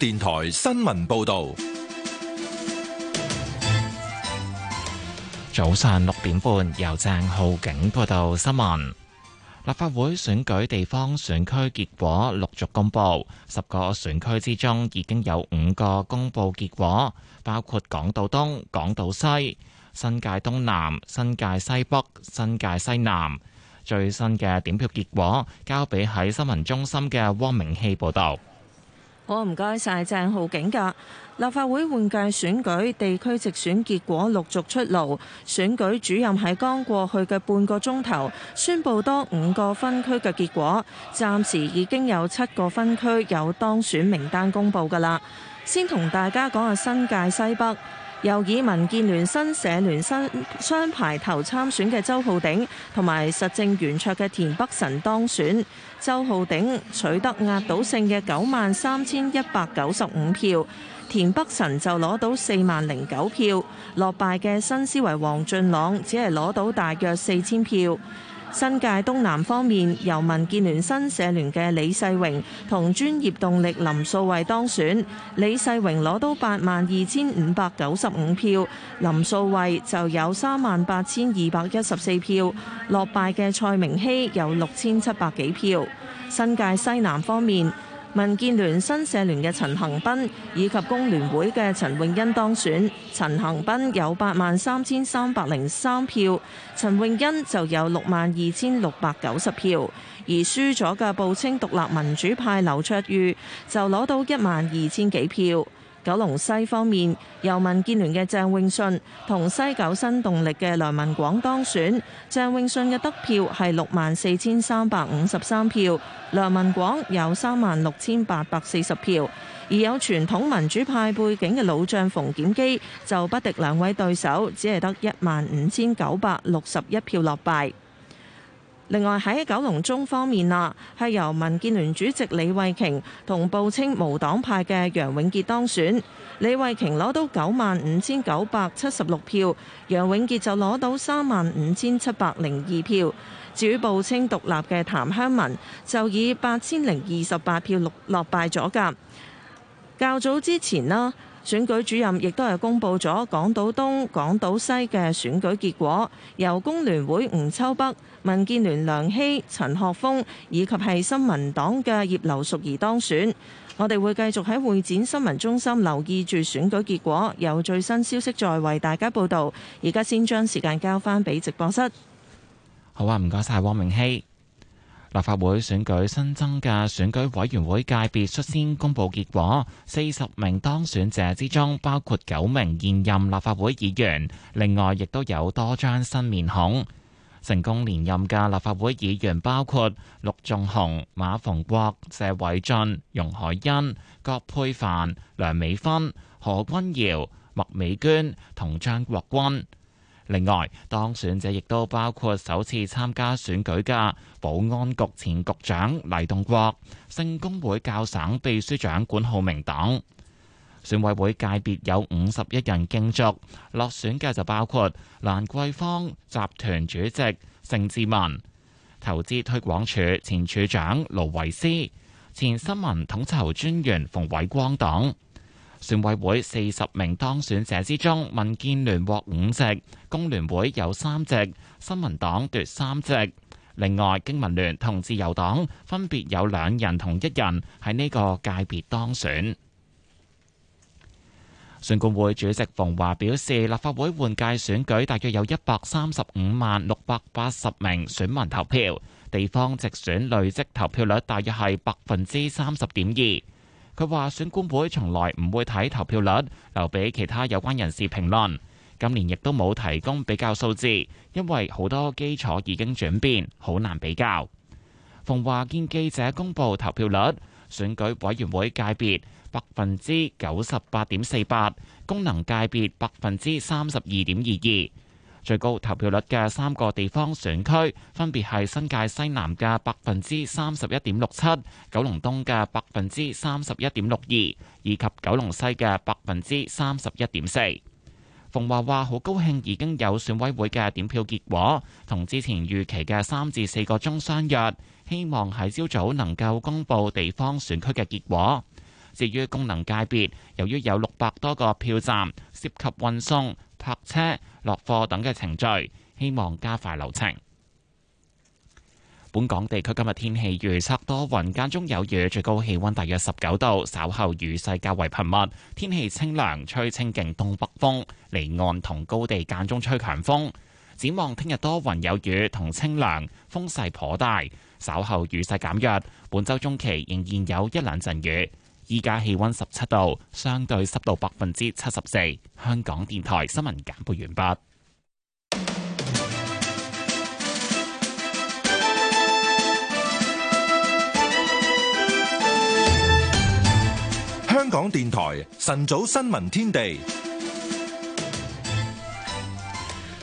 電台新聞報道，早上六點半由鄭浩景報道新聞。立法會選舉地方選區結果陸續公布，十個選區之中已經有五個公布結果，包括港島東、港島西、新界東南、新界西北、新界西南。最新嘅點票結果交俾喺新聞中心嘅汪明希報道。好，唔該晒鄭浩景噶。立法會換屆選舉地區直選結果陸續出爐，選舉主任喺剛過去嘅半個鐘頭宣布多五個分區嘅結果，暫時已經有七個分區有當選名單公布噶啦。先同大家講下新界西北，由以民建聯新社聯新雙排頭參選嘅周浩鼎同埋實政圓桌嘅田北辰當選。周浩鼎取得壓倒性嘅九萬三千一百九十五票，田北辰就攞到四萬零九票，落敗嘅新思維黃俊朗只係攞到大約四千票。新界東南方面，由民建聯新社聯嘅李世榮同專業動力林素慧當選，李世榮攞到八萬二千五百九十五票，林素慧就有三萬八千二百一十四票，落敗嘅蔡明熙有六千七百幾票。新界西南方面。民建聯新社聯嘅陳恒斌以及工聯會嘅陳穎欣當選，陳恒斌有八萬三千三百零三票，陳穎欣就有六萬二千六百九十票，而輸咗嘅報稱獨立民主派劉卓裕就攞到一萬二千幾票。九龍西方面，由民建聯嘅鄭泳舜同西九新動力嘅梁文廣當選。鄭泳舜嘅得票係六萬四千三百五十三票，梁文廣有三萬六千八百四十票。而有傳統民主派背景嘅老將馮檢基就不敵兩位對手，只係得一萬五千九百六十一票落敗。另外喺九龍中方面啦，係由民建聯主席李慧瓊同報稱無黨派嘅楊永傑當選。李慧瓊攞到九萬五千九百七十六票，楊永傑就攞到三萬五千七百零二票。至於報稱獨立嘅譚香文就以八千零二十八票落落敗咗㗎。較早之前啦，選舉主任亦都係公布咗港島東、港島西嘅選舉結果，由工聯會吳秋北、民建聯梁希、陳學鋒以及係新民黨嘅葉劉淑儀當選。我哋會繼續喺會展新聞中心留意住選舉結果，有最新消息再為大家報道。而家先將時間交翻俾直播室。好啊，唔該晒，汪明熙。立法會選舉新增嘅選舉委員會界別率先公佈結果，四十名當選者之中，包括九名現任立法會議員，另外亦都有多張新面孔。成功連任嘅立法會議員包括陸頌雄、馬逢國、謝偉俊、容海恩、葛珮帆、梁美芬、何君堯、麥美娟同張國鈞。另外，當選者亦都包括首次參加選舉嘅保安局前局長黎棟國、聖公會教省秘書長管浩明等。選委會界別有五十一人競逐，落選嘅就包括蘭桂坊集團主席盛志文、投資推廣署前署長盧維斯、前新聞統籌專員馮偉光等。選委會四十名當選者之中，民建聯獲五席，工聯會有三席，新民黨奪三席。另外，經民聯同自由黨分別有兩人同一人喺呢個界別當選。選管會主席馮華表示，立法會換屆選舉大約有一百三十五萬六百八十名選民投票，地方直選累積投票率大約係百分之三十點二。佢話選官會從來唔會睇投票率，留俾其他有關人士評論。今年亦都冇提供比較數字，因為好多基礎已經轉變，好難比較。馮驊見記者公布投票率，選舉委員會界別百分之九十八點四八，功能界別百分之三十二點二二。最高投票率嘅三個地方選區分別係新界西南嘅百分之三十一點六七、九龍東嘅百分之三十一點六二，以及九龍西嘅百分之三十一點四。馮華話：好高興已經有選委會嘅點票結果，同之前預期嘅三至四個鐘相約，希望喺朝早能夠公佈地方選區嘅結果。至於功能界別，由於有六百多個票站涉及運送、泊車。落貨等嘅程序，希望加快流程。本港地區今日天氣預測多雲，間中有雨，最高氣溫大約十九度。稍後雨勢較為頻密，天氣清涼，吹清勁東北風。離岸同高地間中吹強風。展望聽日多雲有雨同清涼，風勢頗大。稍後雨勢減弱。本週中期仍然有一兩陣雨。依家氣温十七度，相對濕度百分之七十四。香港電台新聞簡報完畢。香港電台晨早新聞天地。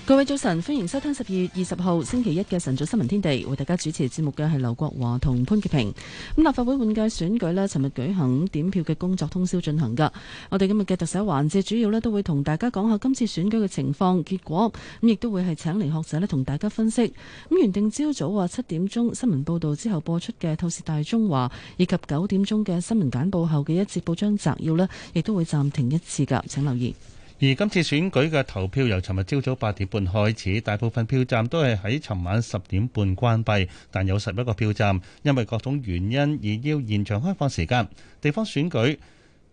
各位早晨，歡迎收聽十二月二十號星期一嘅晨早新聞天地，為大家主持節目嘅係劉國華同潘潔平。咁立法會換屆選舉呢，尋日舉行點票嘅工作通宵進行噶。我哋今日嘅特寫環節，主要呢，都會同大家講下今次選舉嘅情況、結果，咁亦都會係請嚟學者呢，同大家分析。咁原定朝早話七點鐘新聞報道之後播出嘅透視大中華，以及九點鐘嘅新聞簡報後嘅一節報章摘要呢，亦都會暫停一次噶，請留意。而今次選舉嘅投票由尋日朝早八點半開始，大部分票站都係喺尋晚十點半關閉，但有十一個票站因為各種原因而要延長開放時間。地方選舉。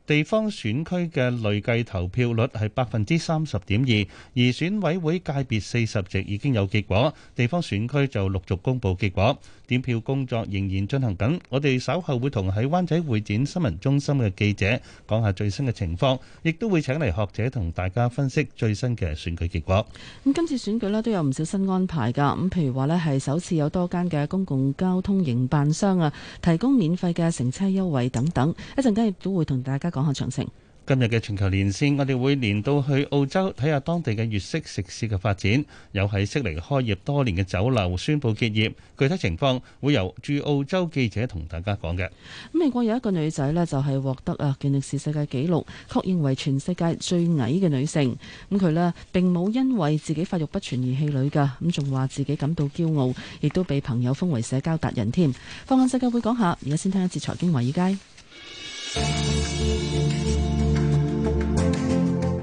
地方選區嘅累計投票率係百分之三十點二，而選委會界別四十席已經有結果，地方選區就陸續公布結果。點票工作仍然進行緊，我哋稍後會同喺灣仔會展新聞中心嘅記者講下最新嘅情況，亦都會請嚟學者同大家分析最新嘅選舉結果。咁今次選舉咧都有唔少新安排㗎，咁譬如話咧，係首次有多間嘅公共交通營辦商啊提供免費嘅乘車優惠等等，一陣間亦都會同大家。講下詳情。今日嘅全球連線，我哋會連到去澳洲睇下當地嘅粵式食肆嘅發展，有喺悉尼開業多年嘅酒樓宣布結業。具體情況會由駐澳洲記者同大家講嘅。美國有一個女仔呢，就係獲得啊健力士世界紀錄，確認為全世界最矮嘅女性。咁佢呢，並冇因為自己發育不全而氣餒㗎，咁仲話自己感到驕傲，亦都被朋友封為社交達人添。放眼世界會講下，而家先聽一次財經華爾街。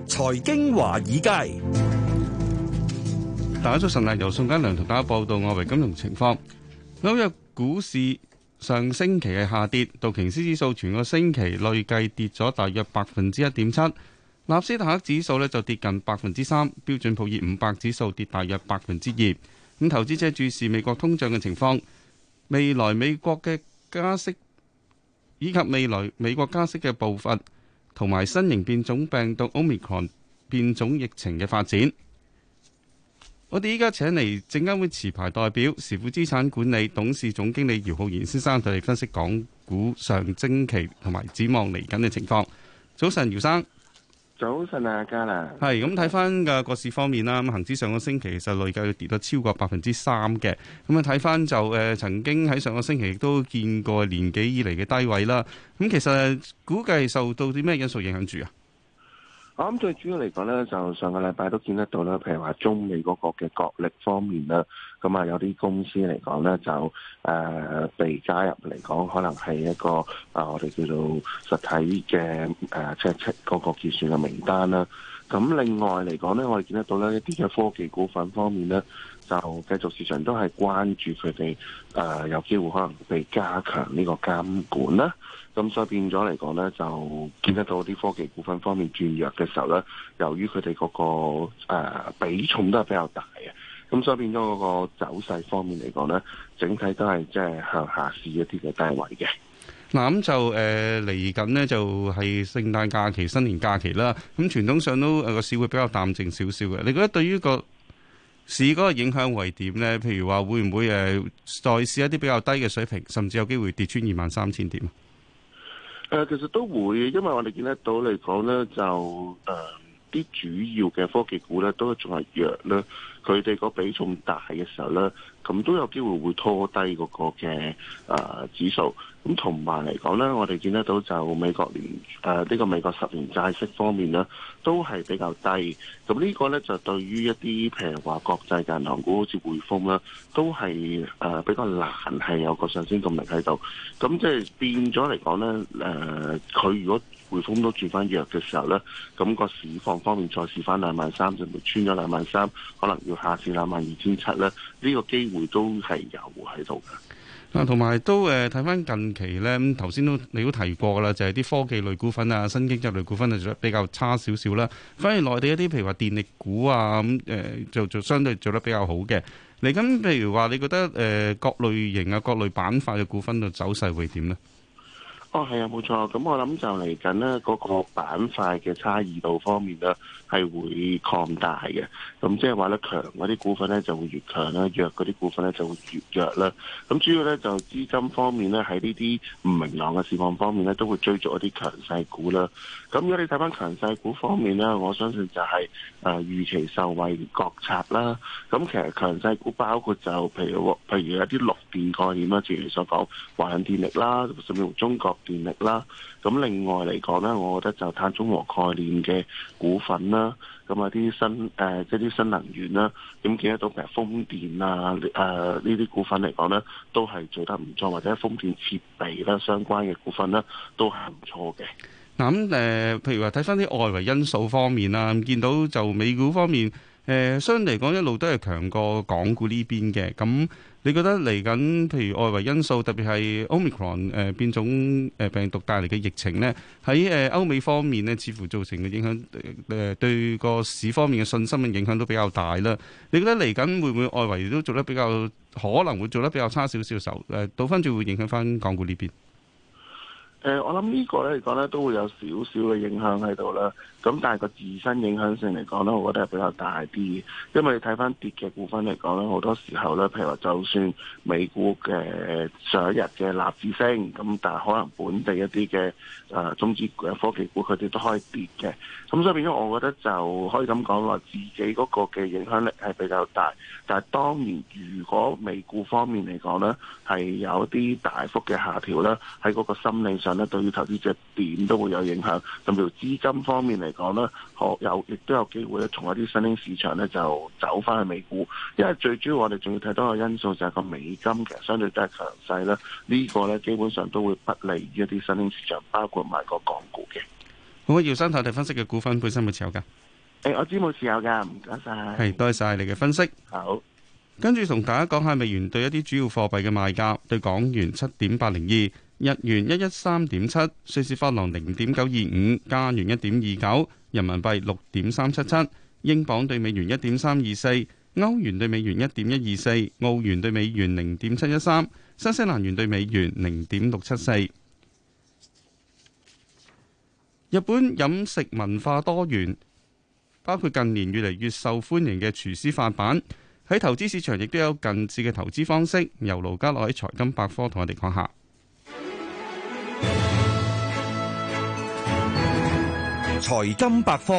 財經華爾街，大家早晨啊！由宋嘉良同大家報道外圍金融情況。紐約股市上星期嘅下跌，道瓊斯指數全個星期累計跌咗大約百分之一點七，納斯達克指數呢就跌近百分之三，標準普爾五百指數跌大約百分之二。咁投資者注視美國通脹嘅情況，未來美國嘅加息。以及未來美國加息嘅步伐，同埋新型變種病毒 Omicron 變種疫情嘅發展。我哋依家請嚟證監會持牌代表時富資產管理董事總經理姚浩然先生對你分析港股上星期同埋展望嚟緊嘅情況。早晨，姚生。早晨啊，嘉納，係咁睇翻嘅個市方面啦。咁恆指上個星期其實累計跌咗超過百分之三嘅。咁啊睇翻就誒曾經喺上個星期亦都見過年幾以嚟嘅低位啦。咁其實估計受到啲咩因素影響住啊？我諗最主要嚟講咧，就上個禮拜都見得到啦。譬如話中美嗰個嘅國,角力方面啦，咁啊有啲公司嚟講咧，就誒被、呃、加入嚟講，可能係一個啊我哋叫做實體嘅誒即係出嗰個結算嘅名單啦。咁另外嚟講咧，我哋見得到咧一啲嘅科技股份方面咧。就繼續市場都係關注佢哋誒有機會可能被加強呢個監管啦。咁、嗯、所以變咗嚟講咧，就見得到啲科技股份方面轉弱嘅時候咧，由於佢哋嗰個、呃、比重都係比較大嘅，咁、嗯、所以變咗嗰個走勢方面嚟講咧，整體都係即係向下試一啲嘅低位嘅。嗱咁就誒嚟緊咧，就係、呃就是、聖誕假期、新年假期啦。咁傳統上都誒個、啊、市會比較淡靜少少嘅。你覺得對於個市嗰個影響為點咧？譬如話會唔會誒再試一啲比較低嘅水平，甚至有機會跌穿二萬三千點？誒、呃，其實都會，因為我哋見得到嚟講咧，就誒。呃啲主要嘅科技股咧都仲係弱啦，佢哋個比重大嘅時候咧，咁都有機會會拖低嗰個嘅啊、呃、指數。咁同埋嚟講咧，我哋見得到就美國聯誒呢個美國十年債息方面咧，都係比較低。咁呢個咧就對於一啲譬如話國際銀行股好似匯豐啦，都係誒、呃、比較難係有個上升動力喺度。咁即係變咗嚟講咧，誒、呃，佢如果匯豐都轉翻弱嘅時候咧，咁、那個市況方面再試翻兩萬三就穿咗兩萬三，可能要下至兩萬二千七咧。呢個機會都係有喺度嘅。嗱、嗯，同埋都誒睇翻近期咧，咁頭先都你都提過啦，就係、是、啲科技類股份啊、新經濟類股份啊做得比較差少少啦。反而內地一啲，譬如話電力股啊咁誒，就就相對做得比較好嘅。嚟咁譬如話，你覺得誒各類型啊、各類板塊嘅股份嘅走勢會點呢？哦，係啊，冇錯，咁、嗯、我諗就嚟緊呢個板塊嘅差異度方面呢，係會擴大嘅。咁即係話咧，強嗰啲股份咧就會越強啦，弱嗰啲股份咧就會越弱啦。咁主要咧就資金方面咧，喺呢啲唔明朗嘅市況方面咧，都會追逐一啲強勢股啦。咁如果你睇翻強勢股方面咧，我相信就係誒預期受惠國策啦。咁其實強勢股包括就譬如譬如一啲綠電概念啦，正如你所講華潤電力啦，甚至乎中國電力啦。咁另外嚟講咧，我覺得就碳中和概念嘅股份啦，咁啊啲新誒、呃、即啲。新能源啦，咁見得到，譬如風電啊，誒呢啲股份嚟講咧，都係做得唔錯，或者風電設備啦，相關嘅股份咧，都係唔錯嘅。嗱咁誒，譬如話睇翻啲外圍因素方面啊，見到就美股方面。誒，相嚟講一路都係強過港股呢邊嘅，咁你覺得嚟緊，譬如外圍因素，特別係 Omicron 誒、呃、變種誒病毒帶嚟嘅疫情咧，喺誒歐美方面呢，似乎造成嘅影響誒、呃、對個市方面嘅信心嘅影響都比較大啦。你覺得嚟緊會唔會外圍都做得比較，可能會做得比較差少少手，誒、呃、倒翻轉會影響翻港股呢邊？誒、呃，我諗呢個咧嚟講咧，都會有少少嘅影響喺度啦。咁但係個自身影響性嚟講咧，我覺得係比較大啲。因為你睇翻跌嘅股份嚟講咧，好多時候咧，譬如話就算美股嘅上一日嘅納指升，咁但係可能本地一啲嘅誒，總之科技股佢哋都開跌嘅。咁所以變咗，我覺得就可以咁講話，自己嗰個嘅影響力係比較大。但係當然，如果美股方面嚟講咧，係有啲大幅嘅下調啦，喺嗰個心理上，咧，對於投資者點都會有影響，同埋資金方面嚟講呢可有亦都有機會咧，從一啲新興市場呢就走返去美股，因為最主要我哋仲要睇多個因素，就係個美金其實相對真係強勢啦，呢、這個呢基本上都會不利於一啲新興市場，包括埋個港股嘅。好，姚生，睇睇分析嘅股份本身有冇持有㗎？誒、哎，我知冇持有㗎，唔該晒。係，多謝晒你嘅分析。好，跟住同大家講下美元對一啲主要貨幣嘅賣價，對港元七點八零二。日元一一三點七，瑞士法郎零點九二五，加元一點二九，人民幣六點三七七，英鎊兌美元一點三二四，歐元兌美元一點一二四，澳元兌美元零點七一三，新西蘭元兌美元零點六七四。日本飲食文化多元，包括近年越嚟越受歡迎嘅廚師發辦，喺投資市場亦都有近似嘅投資方式，由盧嘉樂喺財金百科同我哋講下。財金百科，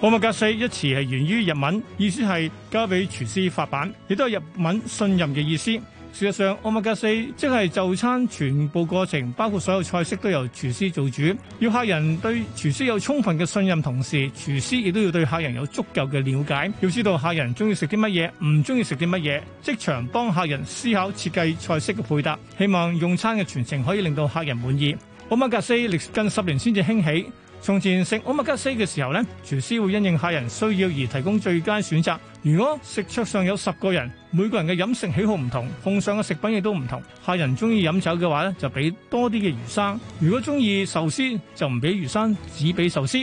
奧馬格四一詞係源於日文，意思係交俾廚師發辦，亦都係日文信任嘅意思。事實上，奧馬格四即係就餐全部過程，包括所有菜式都由廚師做主。要客人對廚師有充分嘅信任，同時廚師亦都要對客人有足夠嘅了解。要知道客人中意食啲乜嘢，唔中意食啲乜嘢，即場幫客人思考設計菜式嘅配搭，希望用餐嘅全程可以令到客人滿意。奧麥格西歷近十年先至興起。從前食奧麥格西嘅時候咧，廚師會因應客人需要而提供最佳選擇。如果食桌上有十個人，每個人嘅飲食喜好唔同，奉上嘅食品亦都唔同。客人鍾意飲酒嘅話咧，就俾多啲嘅魚生；如果鍾意壽司，就唔俾魚生，只俾壽司，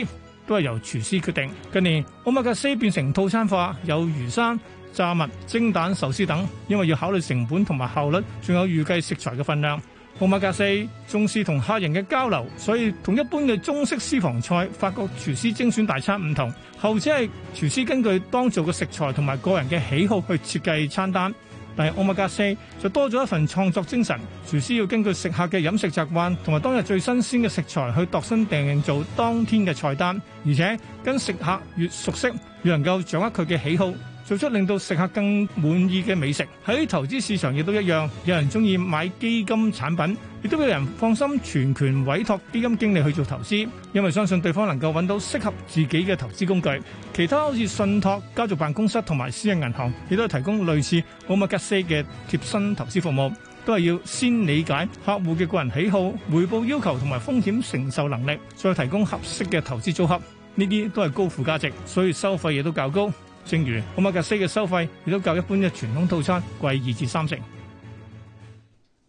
都係由廚師決定。近年奧麥格西變成套餐化，有魚生、炸物、蒸蛋、壽司等，因為要考慮成本同埋效率，仲有預計食材嘅份量。奧馬加四重視同客人嘅交流，所以同一般嘅中式私房菜、法國廚師精選大餐唔同。後者係廚師根據當造嘅食材同埋個人嘅喜好去設計餐單，但係奧馬加四就多咗一份創作精神。廚師要根據食客嘅飲食習慣同埋當日最新鮮嘅食材去度身訂造當天嘅菜單，而且跟食客越熟悉，越能夠掌握佢嘅喜好。做出令到食客更滿意嘅美食，喺投資市場亦都一樣，有人中意買基金產品，亦都有人放心全權委託基金經理去做投資，因為相信對方能夠揾到適合自己嘅投資工具。其他好似信託家族辦公室同埋私人銀行，亦都提供類似奧馬卡西嘅貼身投資服務，都係要先理解客戶嘅個人喜好、回報要求同埋風險承受能力，再提供合適嘅投資組合。呢啲都係高附加值，所以收費亦都較高。正如普麥格斯嘅收費，亦都較一般嘅傳統套餐貴二至三成。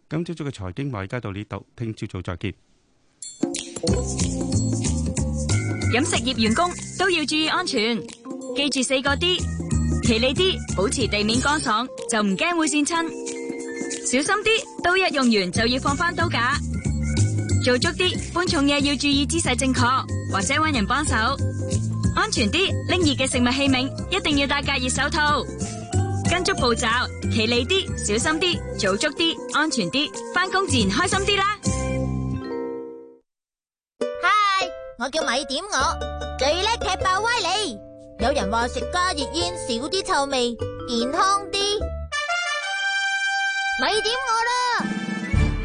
今朝早嘅財經華爾街到呢度，聽朝早再見。飲食業員工都要注意安全，記住四個啲：企理啲，保持地面乾爽，就唔驚會跣親；小心啲，刀一用完就要放返刀架；做足啲，搬重嘢要注意姿勢正確，或者揾人幫手。安全啲，拎熱嘅食物器皿一定要戴隔熱手套。跟足步驟，企利啲，小心啲，做足啲，安全啲，翻工自然開心啲啦。嗨，我叫米點我，最叻踢爆歪理。有人話食加熱煙少啲臭味，健康啲。米點我啦，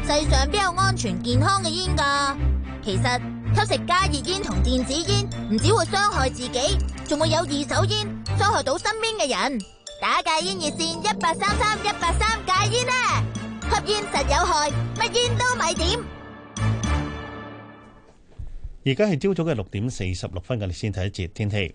世上邊有安全健康嘅煙噶？其實。吸食加熱煙同電子煙唔只會傷害自己，仲會有二手煙，傷害到身邊嘅人。打戒煙熱線一八三三一八三戒煙啊！吸煙實有害，乜煙都咪掂。而家係朝早嘅六點四十六分，我哋先睇一節天氣。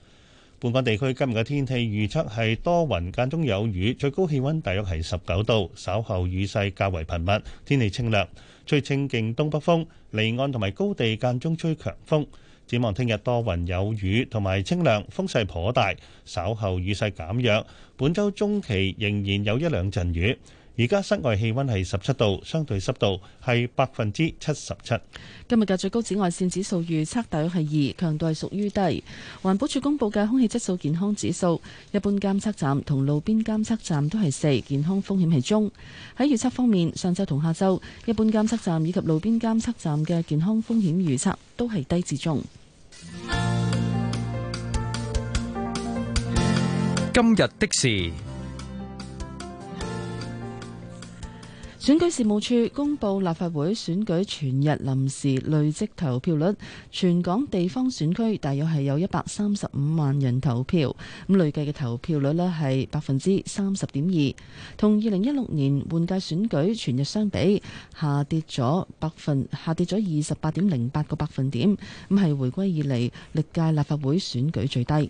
本港地區今日嘅天氣預測係多雲間中有雨，最高氣溫大約係十九度。稍後雨勢較為頻密，天氣清涼，吹清勁東北風，離岸同埋高地間中吹強風。展望聽日多雲有雨同埋清涼，風勢頗大，稍後雨勢減弱。本週中期仍然有一兩陣雨。而家室外氣溫係十七度，相對濕度係百分之七十七。今日嘅最高紫外線指數預測大約係二，強度係屬於低。環保署公布嘅空氣質素健康指數一般監測站同路邊監測站都係四，健康風險係中。喺預測方面，上晝同下晝一般監測站以及路邊監測站嘅健康風險預測都係低至中。今日的事。選舉事務處公布立法會選舉全日臨時累積投票率，全港地方選區大約係有一百三十五萬人投票，咁累計嘅投票率呢係百分之三十點二，同二零一六年換屆選舉全日相比下跌咗百分下跌咗二十八點零八個百分點，咁係回歸以嚟歷屆立法會選舉最低。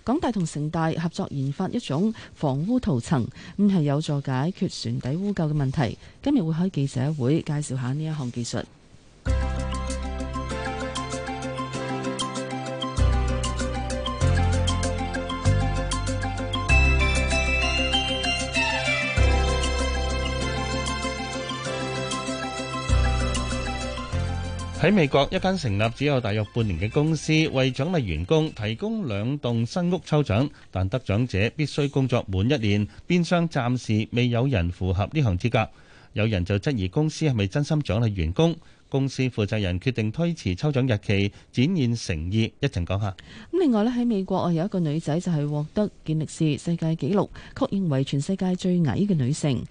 港大同城大合作研發一種防污塗層，咁係有助解決船底污垢嘅問題。今日會開記者會介紹下呢一項技術。喺美國一間成立只有大約半年嘅公司，為獎勵員工提供兩棟新屋抽獎，但得獎者必須工作滿一年。變相暫時未有人符合呢項資格，有人就質疑公司係咪真心獎勵員工。公司負責人決定推遲抽獎日期，展現誠意。一陣講下。咁另外咧喺美國啊，有一個女仔就係獲得健力士世界紀錄，確認為全世界最矮嘅女性。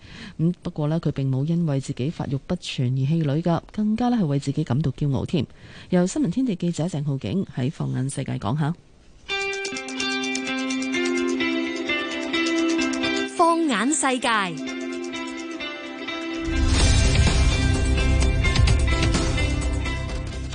不過咧，佢並冇因為自己發育不全而氣餒㗎，更加咧係為自己感到驕傲添。由新聞天地記者鄭浩景喺放眼世界講下。放眼世界。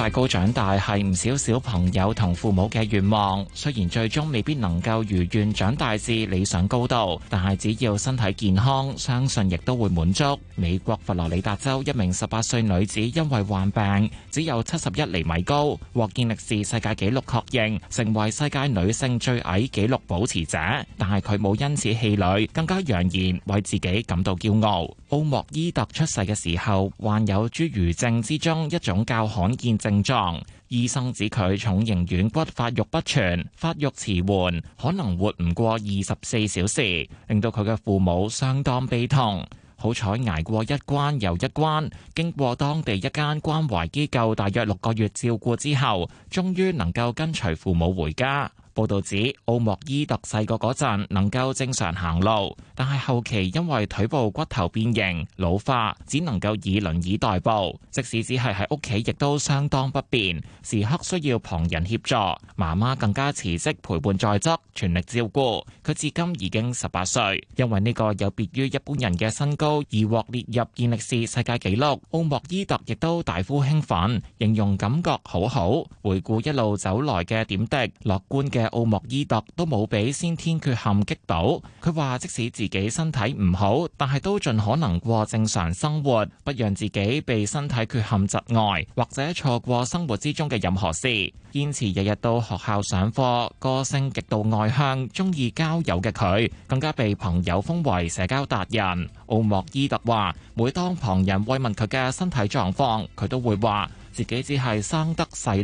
高長大係唔少小朋友同父母嘅願望，雖然最終未必能夠如願長大至理想高度，但係只要身體健康，相信亦都會滿足。美國佛羅里達州一名十八歲女子因為患病，只有七十一厘米高，獲健力士世界紀錄確認，成為世界女性最矮紀錄保持者。但係佢冇因此氣餒，更加揚言為自己感到驕傲。奧莫伊特出世嘅時候患有侏儒症之中一種較罕見症狀。症狀，醫生指佢重型軟骨發育不全，發育遲緩，可能活唔過二十四小時，令到佢嘅父母相當悲痛。好彩捱過一關又一關，經過當地一間關懷機構大約六個月照顧之後，終於能夠跟隨父母回家。報道指，奧莫伊特細個嗰陣能夠正常行路，但係後期因為腿部骨頭變形、老化，只能夠以輪椅代步。即使只係喺屋企，亦都相當不便，時刻需要旁人協助。媽媽更加辭職陪伴在側，全力照顧。佢至今已經十八歲，因為呢個有別於一般人嘅身高而獲列入健力士世界紀錄。奧莫伊特亦都大呼興奮，形容感覺好好，回顧一路走來嘅點滴，樂觀嘅。奧莫伊特都冇俾先天缺陷擊倒，佢話即使自己身體唔好，但係都盡可能過正常生活，不讓自己被身體缺陷窒礙，或者錯過生活之中嘅任何事。堅持日日到學校上課，個性極度外向，中意交友嘅佢，更加被朋友封為社交達人。奧莫伊特話，每當旁人慰問佢嘅身體狀況，佢都會話自己只係生得細粒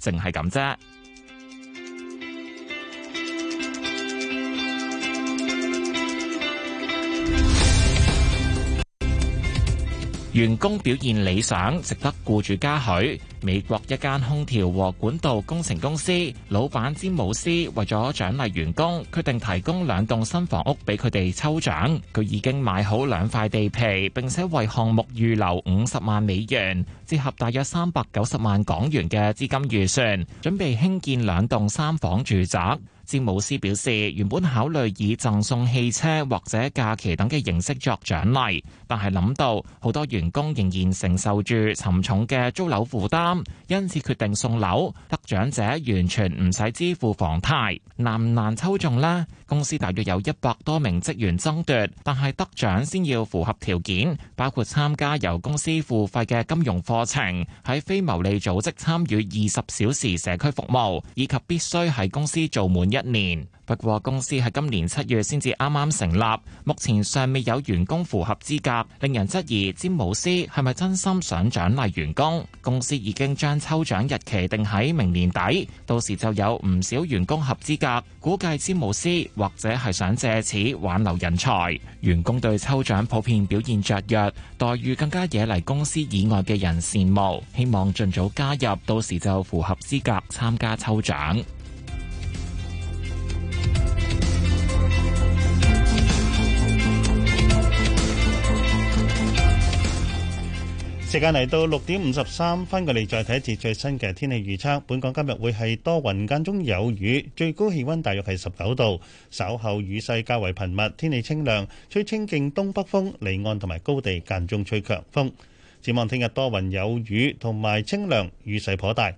啲，淨係咁啫。員工表現理想，值得僱主嘉許。美國一間空調和管道工程公司老闆詹姆斯為咗獎勵員工，決定提供兩棟新房屋俾佢哋抽獎。佢已經買好兩塊地皮，並且為項目預留五十萬美元，折合大約三百九十萬港元嘅資金預算，準備興建兩棟三房住宅。詹姆斯表示，原本考慮以贈送汽車或者假期等嘅形式作獎勵，但係諗到好多員工仍然承受住沉重嘅租樓負擔，因此決定送樓。得獎者完全唔使支付房貸，難唔難抽中咧？公司大約有一百多名職員爭奪，但係得獎先要符合條件，包括參加由公司付費嘅金融課程，喺非牟利組織參與二十小時社區服務，以及必須喺公司做滿一年不過，公司喺今年七月先至啱啱成立，目前尚未有員工符合資格，令人質疑詹姆斯係咪真心想獎勵員工？公司已經將抽獎日期定喺明年底，到時就有唔少員工合資格。估計詹姆斯或者係想借此挽留人才。員工對抽獎普遍表現雀躍，待遇更加惹嚟公司以外嘅人羨慕。希望盡早加入，到時就符合資格參加抽獎。時間嚟到六點五十三分，過嚟再睇一次最新嘅天氣預測。本港今日會係多雲間中有雨，最高氣温大約係十九度。稍後雨勢較為頻密，天氣清涼，吹清勁東北風，離岸同埋高地間中吹強風。展望聽日多雲有雨，同埋清涼，雨勢頗大，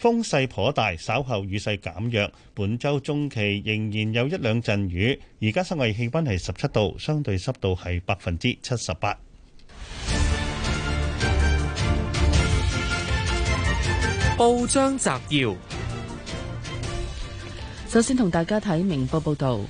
風勢頗大。稍後雨勢減弱，本週中期仍然有一兩陣雨。而家室外氣温係十七度，相對濕度係百分之七十八。報章摘要：首先同大家睇明報報道，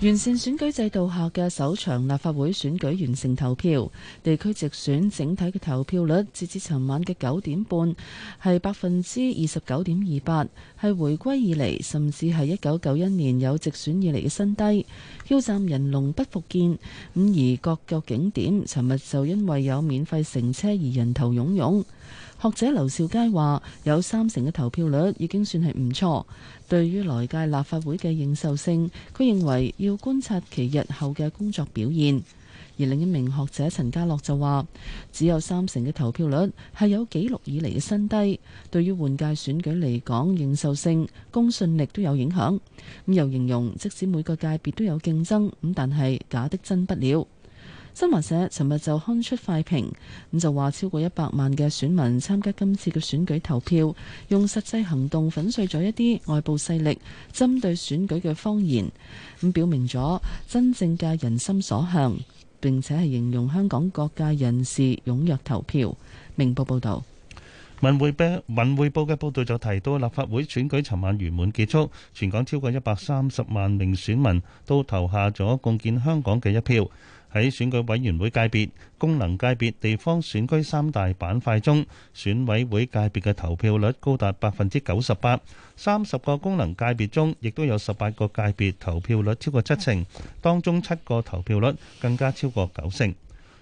完善選舉制度下嘅首場立法會選舉完成投票，地區直選整體嘅投票率，截至尋晚嘅九點半係百分之二十九點二八，係回歸以嚟甚至係一九九一年有直選以嚟嘅新低。票站人龍不復見，咁而各個景點尋日就因為有免費乘車而人頭湧湧。學者劉兆佳話：有三成嘅投票率已經算係唔錯，對於來屆立法會嘅認受性，佢認為要觀察其日後嘅工作表現。而另一名學者陳家樂就話：只有三成嘅投票率係有紀錄以嚟嘅新低，對於換屆選舉嚟講，認受性公信力都有影響。咁又形容即使每個界別都有競爭，咁但係假的真不了。《新華社》尋日就刊出快評，咁就話超過一百萬嘅選民參加今次嘅選舉投票，用實際行動粉碎咗一啲外部勢力針對選舉嘅謊言，咁表明咗真正嘅人心所向。並且係形容香港各界人士踴躍投票。《明報》報道。《文匯報》文匯報嘅報道就提到，立法會選舉尋晚圓滿結束，全港超過一百三十萬名選民都投下咗共建香港嘅一票。喺選舉委員會界別、功能界別、地方選區三大板塊中，選委會界別嘅投票率高達百分之九十八，三十個功能界別中，亦都有十八個界別投票率超過七成，當中七個投票率更加超過九成。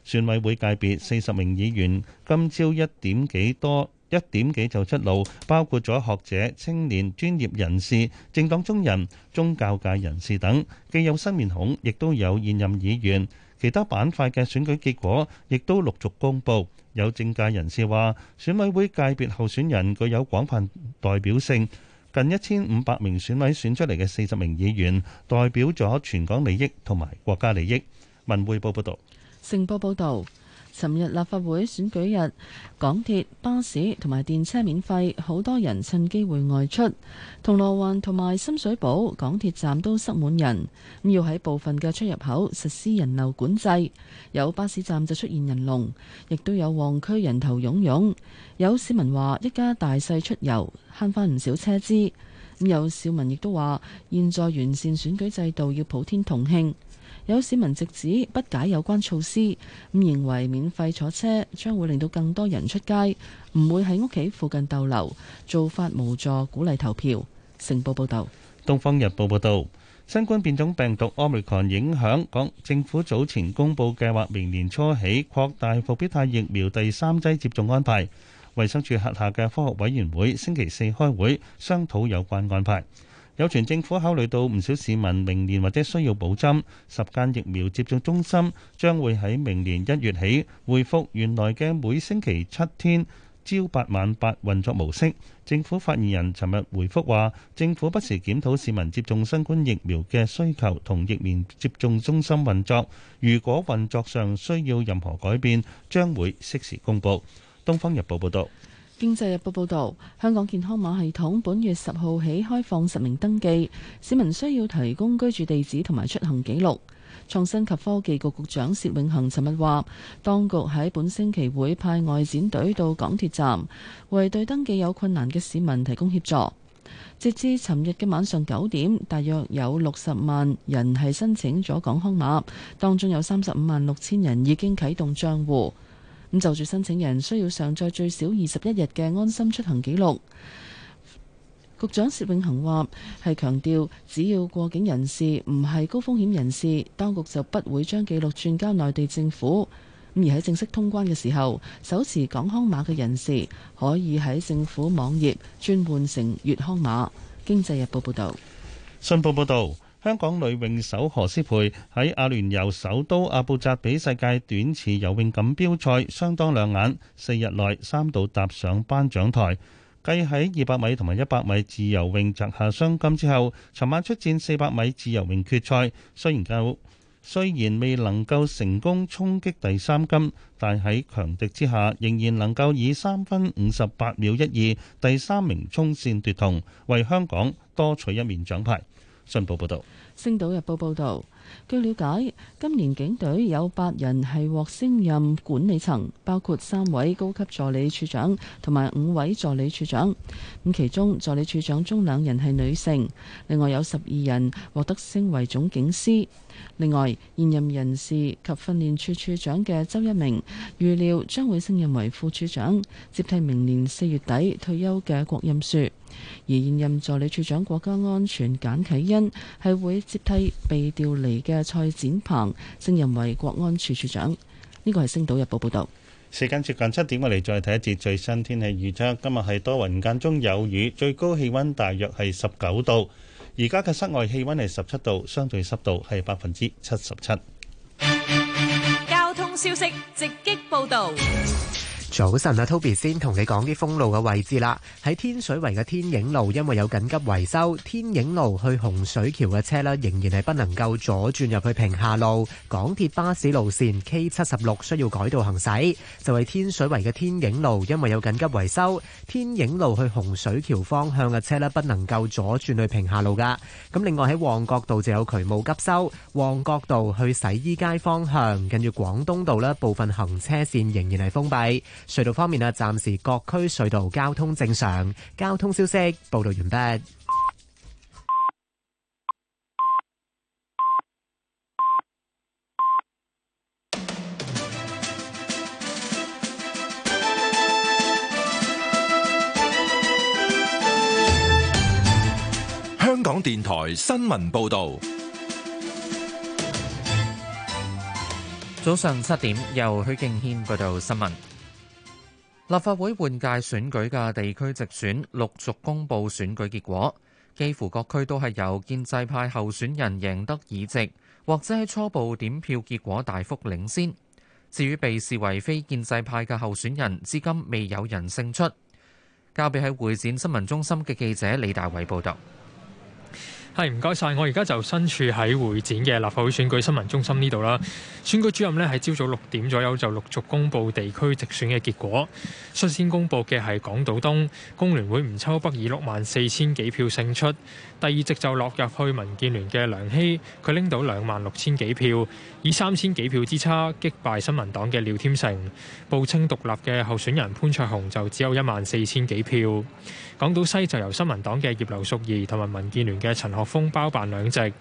選委會界別四十名議員今朝一點幾多一點幾就出爐，包括咗學者、青年、專業人士、政黨中人、宗教界人士等，既有新面孔，亦都有現任議員。其他版塊嘅選舉結果亦都陸續公布，有政界人士話，選委會界別候選人具有廣泛代表性，近一千五百名選委選出嚟嘅四十名議員，代表咗全港利益同埋國家利益。文匯報報道。成報報導。尋日立法會選舉日，港鐵、巴士同埋電車免費，好多人趁機會外出。銅鑼灣同埋深水埗港鐵站都塞滿人，咁要喺部分嘅出入口實施人流管制。有巴士站就出現人龍，亦都有旺區人頭湧湧。有市民話：一家大細出遊，慳返唔少車資。有市民亦都話：現在完善選舉制度，要普天同慶。有市民直指不解有關措施，唔認為免費坐車將會令到更多人出街，唔會喺屋企附近逗留，做法無助鼓勵投票。成報報導，《東方日報》報導，新冠變種病毒奧密克戎影響，港政府早前公布計劃，明年初起擴大復必泰疫苗第三劑接種安排。衛生署轄下嘅科學委員會星期四開會商討有關安排。有傳政府考慮到唔少市民明年或者需要補針，十間疫苗接種中心將會喺明年一月起恢復原來嘅每星期七天朝八晚八運作模式。政府發言人尋日回覆話：政府不時檢討市民接種新冠疫苗嘅需求同疫苗接種中心運作，如果運作上需要任何改變，將會適時公佈。《東方日報》報導。經濟日報報導，香港健康碼系統本月十號起開放實名登記，市民需要提供居住地址同埋出行記錄。創新及科技局局長薛永恒尋日話，當局喺本星期會派外展隊到港鐵站，為對登記有困難嘅市民提供協助。截至尋日嘅晚上九點，大約有六十萬人係申請咗港康碼，當中有三十五萬六千人已經啟動賬戶。咁就住申請人需要上載最少二十一日嘅安心出行記錄。局長薛永恒話，係強調只要過境人士唔係高風險人士，當局就不會將記錄轉交內地政府。而喺正式通關嘅時候，手持港康碼嘅人士可以喺政府網頁轉換成粵康碼。經濟日報報道。新報報導。香港女泳手何詩蓓喺阿聯酋首都阿布扎比世界短池游泳錦標賽相當亮眼，四日內三度踏上頒獎台，繼喺二百米同埋一百米自由泳摘下雙金之後，尋晚出戰四百米自由泳決賽，雖然夠雖然未能夠成功衝擊第三金，但喺強敵之下仍然能夠以三分五十八秒一二第三名衝線奪銅，為香港多取一面獎牌。《信報》報導，《星島日報》報導，據了解，今年警隊有八人係獲升任管理層，包括三位高級助理處長同埋五位助理處長。咁其中助理處長中兩人係女性，另外有十二人獲得升為總警司。另外，現任人事及訓練處處長嘅周一鳴預料將會升任為副處長，接替明年四月底退休嘅郭蔭庶；而現任助理處長國家安全簡啟恩係會接替被調離嘅蔡展鵬，升任為國安處處長。呢個係星島日報報導。時間接近七點，我哋再睇一節最新天氣預測。今日係多雲間中有雨，最高氣温大約係十九度。而家嘅室外氣溫係十七度，相對濕度係百分之七十七。交通消息直擊報道。早晨啊，Toby 先同你講啲封路嘅位置啦。喺天水圍嘅天影路，因為有緊急維修，天影路去洪水橋嘅車咧，仍然係不能夠左轉入去屏廈路。港鐵巴士路線 K 七十六需要改道行駛，就係天水圍嘅天影路，因為有緊急維修，天影路去洪水橋方向嘅車咧，不能夠左轉去屏廈路噶。咁另外喺旺角道就有渠務急修，旺角道去洗衣街方向近住廣東道咧，部分行車線仍然係封閉。隧道方面啊，暫時各區隧道交通正常。交通消息報道完畢。香港電台新聞報道，早上七點，由許敬軒報道新聞。立法會換屆選舉嘅地區直選陸續公布選舉結果，幾乎各區都係由建制派候選人贏得議席，或者喺初步點票結果大幅領先。至於被視為非建制派嘅候選人，至今未有人勝出。交俾喺會展新聞中心嘅記者李大偉報道。係唔該晒，我而家就身處喺會展嘅立法會選舉新聞中心呢度啦。選舉主任呢係朝早六點左右就陸續公布地區直選嘅結果。率先公布嘅係港島東工聯會吳秋北以六萬四千幾票勝出，第二席就落入去民建聯嘅梁希，佢拎到兩萬六千幾票，以三千幾票之差擊敗新民黨嘅廖添成。報稱獨立嘅候選人潘卓雄就只有一萬四千幾票。港島西就由新民黨嘅葉劉淑儀同埋民建聯嘅陳學封包辦兩席，佢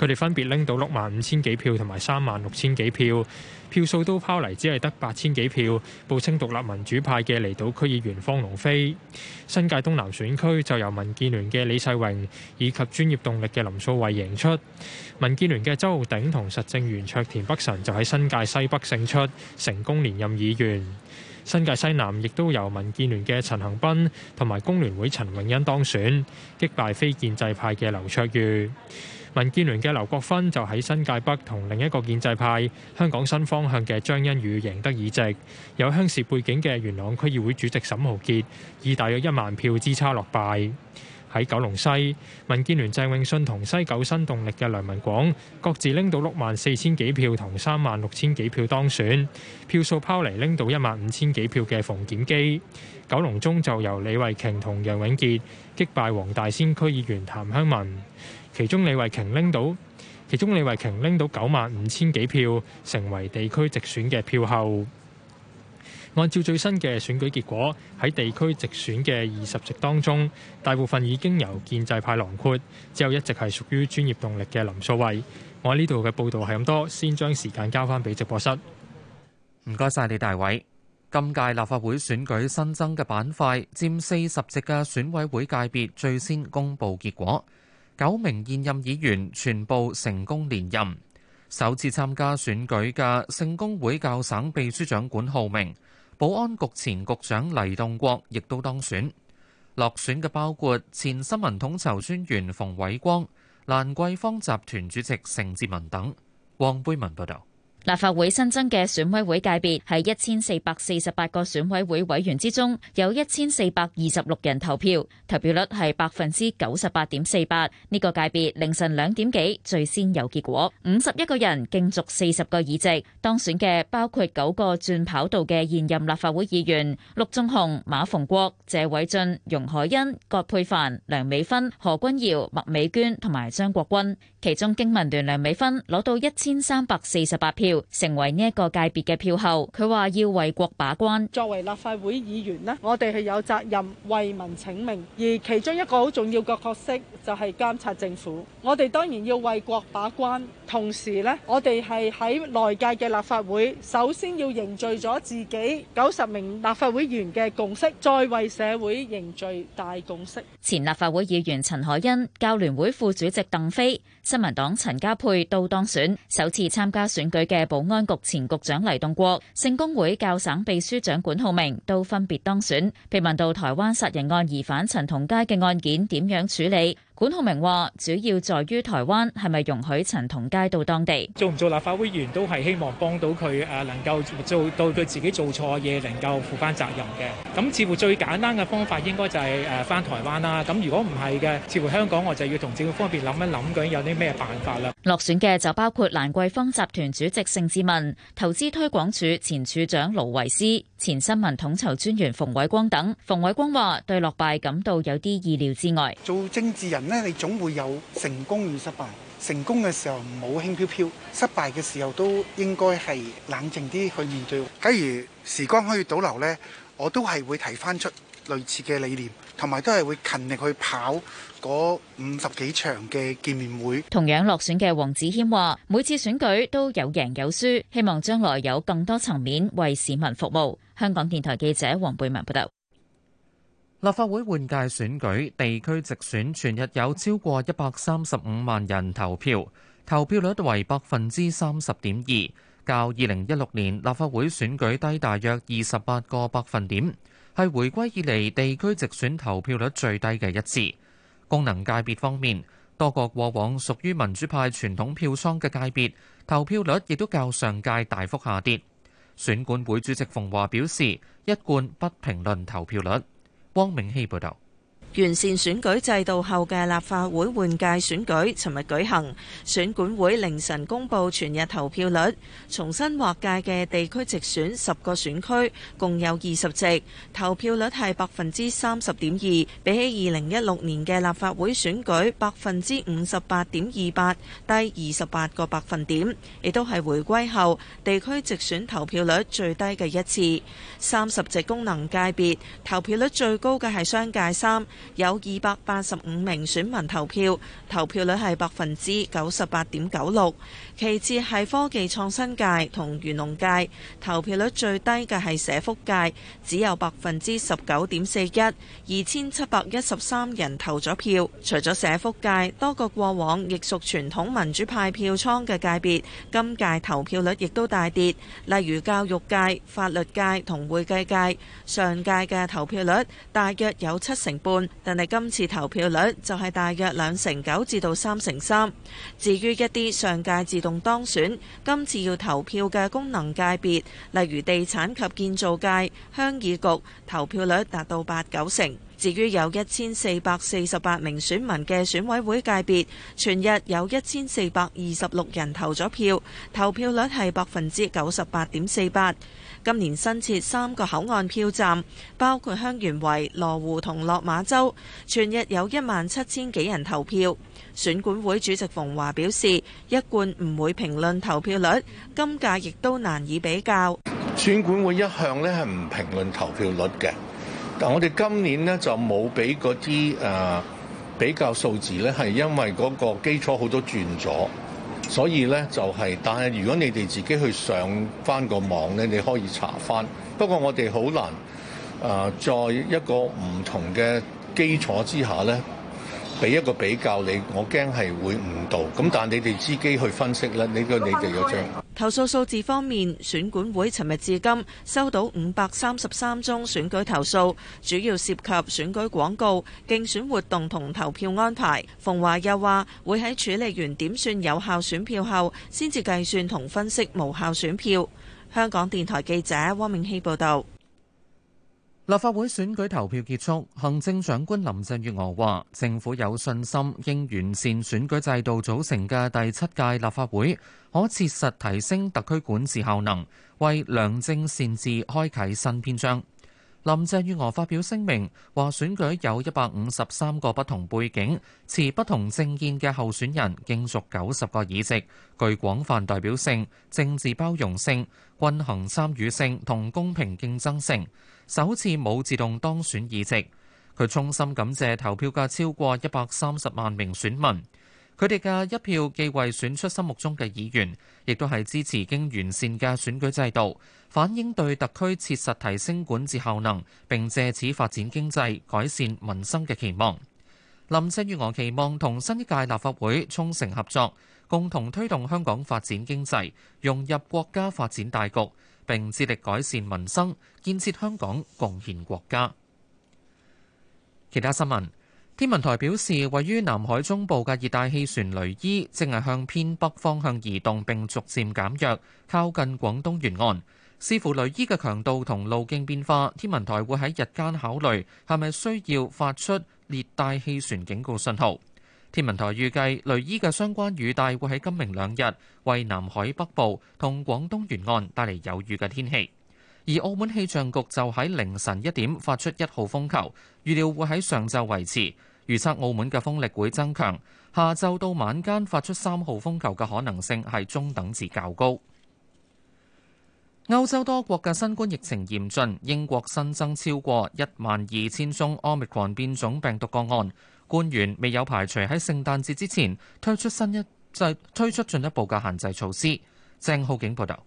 哋分別拎到六萬五千幾票同埋三萬六千幾票，票數都拋離，只係得八千幾票，報稱獨立民主派嘅離島區議員方龍飛。新界東南選區就由民建聯嘅李世榮以及專業動力嘅林素慧贏出。民建聯嘅周浩鼎同實政圓桌田北辰就喺新界西北勝出，成功連任議員。新界西南亦都由民建聯嘅陳恒鑌同埋工聯會陳穎欣當選，擊敗非建制派嘅劉卓宇。民建聯嘅劉國勳就喺新界北同另一個建制派香港新方向嘅張欣宇贏得議席。有鄉事背景嘅元朗區議會主席沈豪傑以大約一萬票之差落敗。喺九龍西，民建聯鄭永信同西九新動力嘅梁文廣各自拎到六萬四千幾票同三萬六千幾票當選，票數拋離拎到一萬五千幾票嘅馮檢基。九龍中就由李慧瓊同楊永傑擊敗黃大仙區議員譚香文，其中李慧瓊拎到其中李慧瓊拎到九萬五千幾票，成為地區直選嘅票后。按照最新嘅選舉結果，喺地區直選嘅二十席當中，大部分已經由建制派囊括，只有一席係屬於專業動力嘅林素惠。我喺呢度嘅報道係咁多，先將時間交翻俾直播室。唔該晒你，大偉。今屆立法會選舉新增嘅板塊，佔四十席嘅選委會界別最先公布結果，九名現任議員全部成功連任。首次參加選舉嘅聖公會教省秘書長管浩明。保安局前局長黎棟國亦都當選，落選嘅包括前新聞統籌專員馮偉光、蘭桂坊集團主席盛智文等。黃貝文報道。立法會新增嘅選委會界別係一千四百四十八個選委會委員之中，有一千四百二十六人投票，投票率係百分之九十八點四八。呢、這個界別凌晨兩點幾最先有結果，五十一個人競逐四十個議席，當選嘅包括九個轉跑道嘅現任立法會議員：陸頌雄、馬逢國、謝偉俊、容海恩、郭佩凡、梁美芬、何君堯、麥美娟同埋張國鈞。其中經民聯梁美芬攞到一千三百四十八票，成為呢一個界別嘅票后，佢話要為國把關。作為立法會議員呢，我哋係有責任為民請命，而其中一個好重要嘅角色就係監察政府。我哋當然要為國把關，同時呢，我哋係喺內界嘅立法會，首先要凝聚咗自己九十名立法會員嘅共識，再為社會凝聚大共識。前立法會議員陳凱欣、教聯會副主席鄧飛。新民黨陳家沛都當選，首次參加選舉嘅保安局前局長黎棟國、聖公會教省秘書長管浩明都分別當選。被問到台灣殺人案疑犯陳同佳嘅案件點樣處理？管浩明話主要在於台灣係咪容許陳同佳到當地做，唔做立法會議員都係希望幫到佢誒、呃、能夠做到佢自己做錯嘢能夠負翻責任嘅。咁、嗯、似乎最簡單嘅方法應該就係誒翻台灣啦。咁如果唔係嘅，似乎香港我就要同政府方面諗一諗究竟有啲咩辦法啦。落選嘅就包括蘭桂坊集團主席盛智文、投資推廣署前署長盧維斯、前新聞統籌專員馮偉光等。馮偉光話對落敗感到有啲意料之外。做政治人。呢，你總會有成功與失敗。成功嘅時候唔好輕飄飄，失敗嘅時候都應該係冷靜啲去面對。假如時光可以倒流呢，我都係會提返出類似嘅理念，同埋都係會勤力去跑嗰五十幾場嘅見面會。同樣落選嘅黃子謙話：每次選舉都有贏有輸，希望將來有更多層面為市民服務。香港電台記者黃貝文報道。立法會換屆選舉地區直選全日有超過一百三十五萬人投票，投票率為百分之三十點二，較二零一六年立法會選舉低大約二十八個百分點，係回歸以嚟，地區直選投票率最低嘅一次。功能界別方面，多個過往屬於民主派傳統票倉嘅界別，投票率亦都較上屆大幅下跌。選管會主席馮華表示，一貫不評論投票率。光明熙報道。完善選舉制度後嘅立法會換屆選舉，尋日舉行，選管會凌晨公佈全日投票率。重新劃界嘅地區直選十個選區共有二十席，投票率係百分之三十點二，比起二零一六年嘅立法會選舉百分之五十八點二八低二十八個百分點，亦都係回歸後地區直選投票率最低嘅一次。三十席功能界別投票率最高嘅係商界三。有二百八十五名選民投票，投票率係百分之九十八點九六。其次係科技創新界同漁農界，投票率最低嘅係社福界，只有百分之十九點四一，二千七百一十三人投咗票。除咗社福界，多個過往亦屬傳統民主派票倉嘅界別，今屆投票率亦都大跌。例如教育界、法律界同會計界，上屆嘅投票率大約有七成半，但係今次投票率就係大約兩成九至到三成三。至於一啲上屆自動用當選今次要投票嘅功能界別，例如地產及建造界、鄉議局，投票率達到八九成。至於有一千四百四十八名選民嘅選委會界別，全日有一千四百二十六人投咗票，投票率係百分之九十八點四八。今年新設三個口岸票站，包括香園圍、羅湖同落馬洲，全日有一萬七千幾人投票。選管會主席馮華表示，一貫唔會評論投票率，今屆亦都難以比較。選管會一向咧係唔評論投票率嘅，但我哋今年呢就冇俾嗰啲誒比較數字咧，係因為嗰個基礎好多轉咗，所以咧就係、是，但係如果你哋自己去上翻個網咧，你可以查翻。不過我哋好難誒，在一個唔同嘅基礎之下咧。俾一個比較你，我驚係會誤導。咁但係你哋自己去分析啦。你個你哋嗰張。有投訴數字方面，選管會尋日至今收到五百三十三宗選舉投訴，主要涉及選舉廣告、競選活動同投票安排。馮華又話：會喺處理完點算有效選票後，先至計算同分析無效選票。香港電台記者汪明熙報道。立法會選舉投票結束，行政長官林鄭月娥話，政府有信心，應完善選舉制度組成嘅第七屆立法會，可切實提升特區管治效能，為良政善治開啟新篇章。林鄭月娥發表聲明話，選舉有一百五十三個不同背景、持不同政見嘅候選人競逐九十個議席，具廣泛代表性、政治包容性、均衡參與性同公平競爭性。首次冇自動當選議席，佢衷心感謝投票嘅超過一百三十萬名選民，佢哋嘅一票既為選出心目中嘅議員，亦都係支持經完善嘅選舉制度，反映對特區切實提升管治效能，並借此發展經濟，改善民生嘅期望。林鄭月娥期望同新一屆立法會衷誠合作，共同推動香港發展經濟，融入國家發展大局。並致力改善民生，建設香港，貢獻國家。其他新聞，天文台表示，位於南海中部嘅熱帶氣旋雷伊正係向偏北方向移動，並逐漸減弱，靠近廣東沿岸。視乎雷伊嘅強度同路徑變化，天文台會喺日間考慮係咪需要發出熱帶氣旋警告信號。天文台預計雷伊嘅相關雨帶會喺今明兩日為南海北部同廣東沿岸帶嚟有雨嘅天氣，而澳門氣象局就喺凌晨一點發出一號風球，預料會喺上晝維持，預測澳門嘅風力會增強。下晝到晚間發出三號風球嘅可能性係中等至較高。歐洲多國嘅新冠疫情嚴峻，英國新增超過一萬二千宗奧密克戎變種病毒個案。官員未有排除喺聖誕節之前推出新一制、就係、推出進一步嘅限制措施。鄭浩景報導。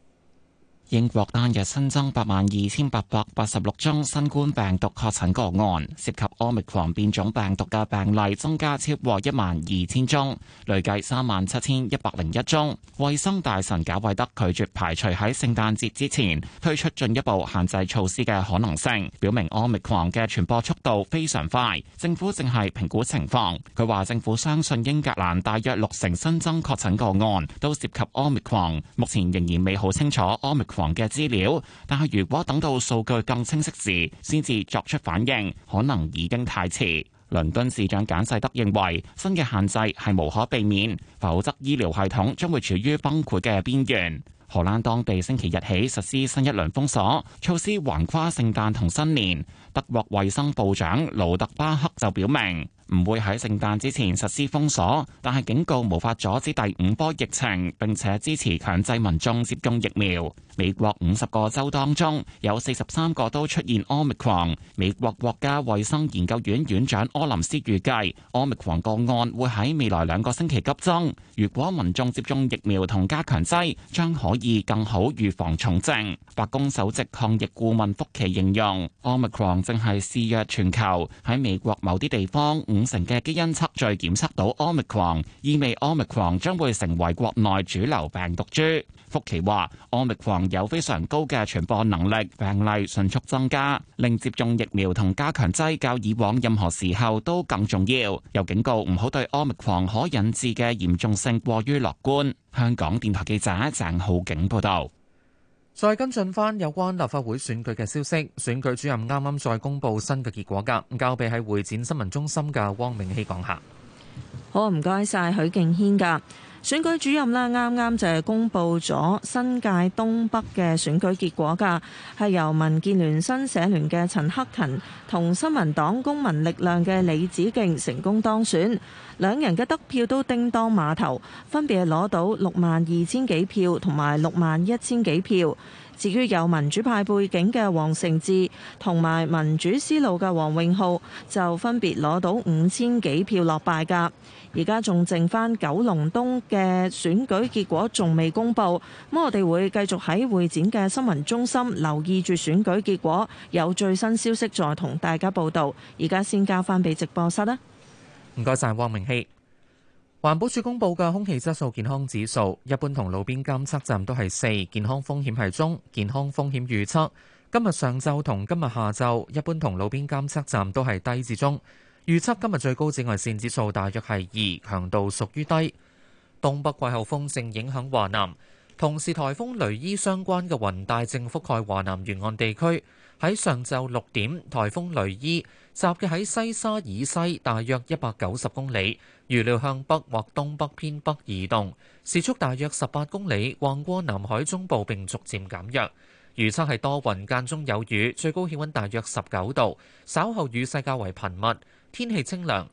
英國單日新增八萬二千八百八十六宗新冠病毒確診個案，涉及奧密克戎變種病毒嘅病例增加超過一萬二千宗，累計三萬七千一百零一宗。衛生大臣賈維德拒絕排除喺聖誕節之前推出進一步限制措施嘅可能性，表明奧密克戎嘅傳播速度非常快。政府正係評估情況。佢話政府相信英格蘭大約六成新增確診個案都涉及奧密克戎，目前仍然未好清楚奧密克戎嘅資料，但係如果等到數據更清晰時先至作出反應，可能已經太遲。倫敦市長簡世德認為，新嘅限制係無可避免，否則醫療系統將會處於崩潰嘅邊緣。荷蘭當地星期日起實施新一輪封鎖措施，橫跨聖誕同新年。德國衞生部長勞特巴克就表明唔會喺聖誕之前實施封鎖，但係警告無法阻止第五波疫情，並且支持強制民眾接種疫苗。美國五十個州當中有四十三個都出現 Omicron。美國國家衞生研究院院長柯林斯預計，Omicron 個案會喺未來兩個星期急增。如果民眾接種疫苗同加強劑，將可以更好預防重症。白宮首席抗疫顧問福奇形容 Omicron，正係肆虐全球喺美國某啲地方，五成嘅基因測序檢測到 Omicron，意味 Omicron 將會成為國內主流病毒株。福奇話：Omicron 有非常高嘅傳播能力，病例迅速增加，令接種疫苗同加強劑較以往任何時候都更重要。又警告唔好對 Omicron 可引致嘅嚴重性過於樂觀。香港電台記者鄭浩景報道。再跟進返有關立法會選舉嘅消息，選舉主任啱啱再公佈新嘅結果㗎。交俾喺會展新聞中心嘅汪明希講下。好，唔該晒許敬軒㗎。選舉主任啦，啱啱就係公布咗新界東北嘅選舉結果㗎，係由民建聯新社聯嘅陳克勤同新民黨公民力量嘅李梓敬成功當選，兩人嘅得票都叮噹馬頭，分別攞到六萬二千幾票同埋六萬一千幾票。至於有民主派背景嘅黃成智同埋民主思路嘅黃永浩，就分別攞到五千幾票落敗㗎。而家仲剩翻九龍東嘅選舉結果仲未公布，咁我哋會繼續喺會展嘅新聞中心留意住選舉結果，有最新消息再同大家報道。而家先交翻俾直播室啦。唔該晒，汪明熙。環保署公布嘅空氣質素健康指數，一般同路邊監測站都係四，健康風險係中，健康風險預測今日上晝同今日下晝，一般同路邊監測站都係低至中。預測今日最高紫外線指數大約係二，強度屬於低。東北季候風正影響華南，同時颱風雷伊相關嘅雲帶正覆蓋華南沿岸地區。喺上晝六點，颱風雷伊集結喺西沙以西大約一百九十公里，預料向北或東北偏北移動，時速大約十八公里，橫過南海中部並逐漸減弱。預測係多雲間中有雨，最高氣温大約十九度，稍後雨勢較為頻密。天氣清涼，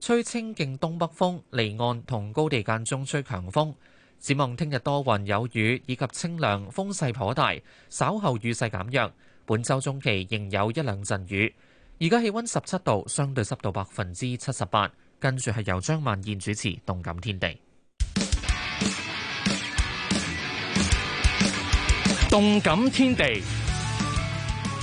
吹清勁東北風，離岸同高地間中吹強風。展望聽日多雲有雨以及清涼，風勢頗大，稍後雨勢減弱。本周中期仍有一兩陣雨。而家氣溫十七度，相對濕度百分之七十八。跟住係由張萬燕主持《動感天地》。《動感天地》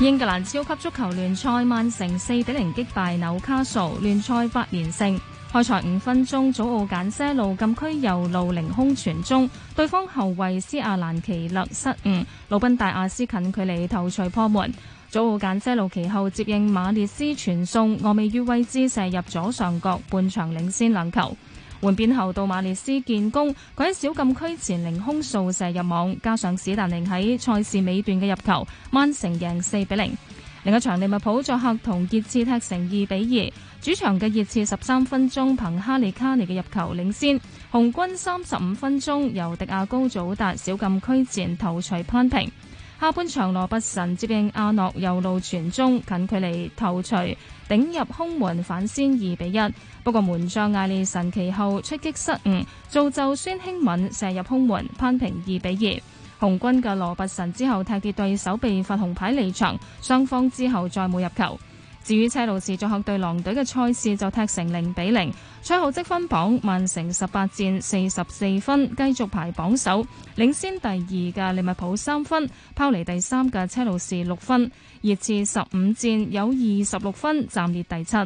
英格蘭超級足球聯賽曼城四比零擊敗紐卡素，聯賽八連勝。開賽五分鐘，祖奧簡些路禁區右路凌空傳中，對方後衛斯亞蘭奇勒失誤，魯賓大亞斯近距離頭槌破門。祖奧簡些路其後接應馬列斯傳送，我未約威茲射入左上角，半場領先兩球。換邊後到馬列斯建功，佢喺小禁區前凌空掃射入網，加上史丹寧喺賽事尾段嘅入球，曼城贏四比零。另一場利物浦作客同熱刺踢成二比二，主場嘅熱刺十三分鐘憑哈利卡尼嘅入球領先，紅軍三十五分鐘由迪亞高祖達小禁區前頭槌扳平。下半場羅伯森接應阿諾右路傳中，近距離頭槌頂入空門反先二比一。不過門將艾利神奇後出擊失誤，造就孫興敏射入空門，攀平二比二。紅軍嘅羅拔臣之後踢跌對手，被罰紅牌離場。雙方之後再冇入球。至於車路士作客對狼隊嘅賽事就踢成零比零。0，賽後積分榜，曼城十八戰四十四分，繼續排榜首，領先第二嘅利物浦三分，拋離第三嘅車路士六分。熱刺十五戰有二十六分，暫列第七。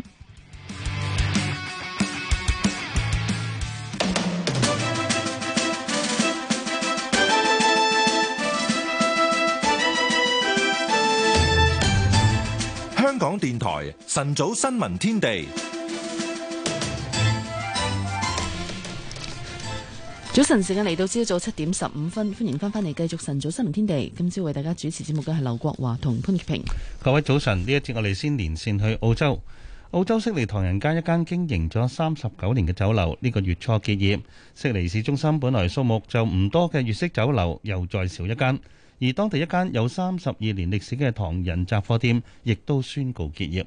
電台晨早新聞天地，早晨時間嚟到朝早七點十五分，歡迎翻翻嚟繼續晨早新聞天地。今朝為大家主持節目嘅係劉國華同潘潔平。各位早晨，呢一節我哋先連線去澳洲，澳洲悉尼唐人街一間經營咗三十九年嘅酒樓，呢個月初結業。悉尼市中心本來數目就唔多嘅粵式酒樓，又再少一間。而當地一間有三十二年歷史嘅唐人雜貨店，亦都宣告結業。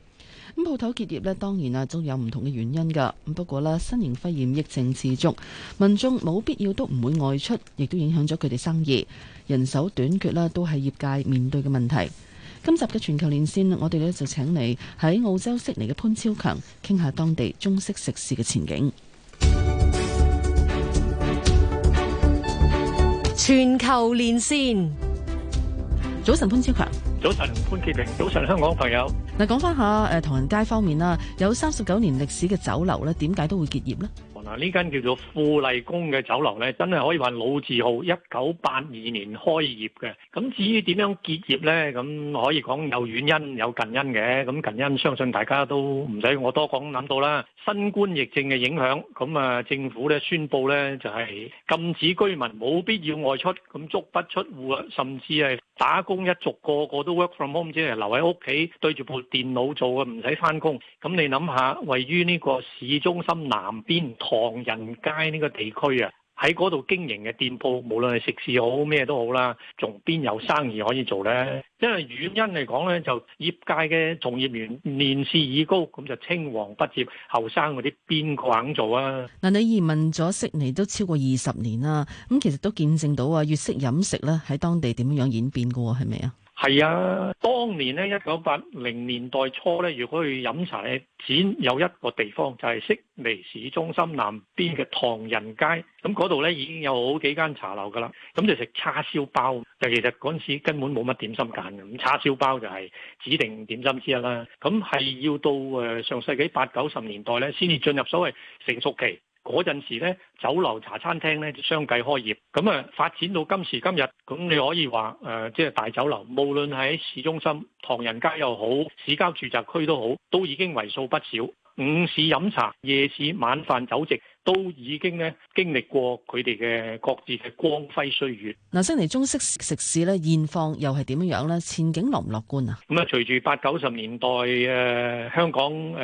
咁鋪頭結業呢，當然啊，都有唔同嘅原因㗎。咁不過呢，新型肺炎疫情持續，民眾冇必要都唔會外出，亦都影響咗佢哋生意。人手短缺啦，都係業界面對嘅問題。今集嘅全球連線，我哋呢就請嚟喺澳洲悉尼嘅潘超強傾下當地中式食肆嘅前景。全球連線。早晨，潘超強。早晨，潘潔平。早晨，香港朋友。嗱，講翻下誒唐人街方面啦，有三十九年歷史嘅酒樓咧，點解都會結業咧？嗱，呢間叫做富麗宮嘅酒樓咧，真係可以話老字號，一九八二年開業嘅。咁至於點樣結業咧？咁可以講有遠因有近因嘅。咁近因，相信大家都唔使我多講，諗到啦。新冠疫情嘅影響，咁啊，政府咧宣布咧就係禁止居民冇必要外出，咁足不出戶，甚至係打工一族個個都 work from home，即係留喺屋企對住部電腦做嘅，唔使返工。咁你諗下，位於呢個市中心南邊唐人街呢個地區啊！喺嗰度經營嘅店鋪，無論係食肆好咩都好啦，仲邊有生意可以做咧？因為原因嚟講咧，就業界嘅從業員年事已高，咁就青黃不接，後生嗰啲邊個肯做啊？嗱，你移民咗悉尼都超過二十年啦，咁其實都見證到啊，粵式飲食咧喺當地點樣演變㗎喎，係咪啊？係啊，當年咧一九八零年代初咧，如果去飲茶咧，只有一個地方就係、是、悉尼市中心南邊嘅唐人街。咁嗰度咧已經有好幾間茶樓噶啦，咁就食叉燒包。就其實嗰陣時根本冇乜點心揀嘅，咁叉燒包就係指定點心之一啦。咁係要到誒上世紀八九十年代咧，先至進入所謂成熟期。嗰陣時咧，酒樓茶餐廳咧就相繼開業，咁啊發展到今時今日，咁你可以話誒，即係大酒樓，無論喺市中心、唐人街又好，市郊住宅區都好，都已經為數不少。午市飲茶、夜市晚飯酒席，都已經咧經歷過佢哋嘅各自嘅光輝歲月。嗱，悉尼中式食肆咧現況又係點樣咧？前景樂唔樂觀啊？咁啊，隨住八九十年代嘅香港誒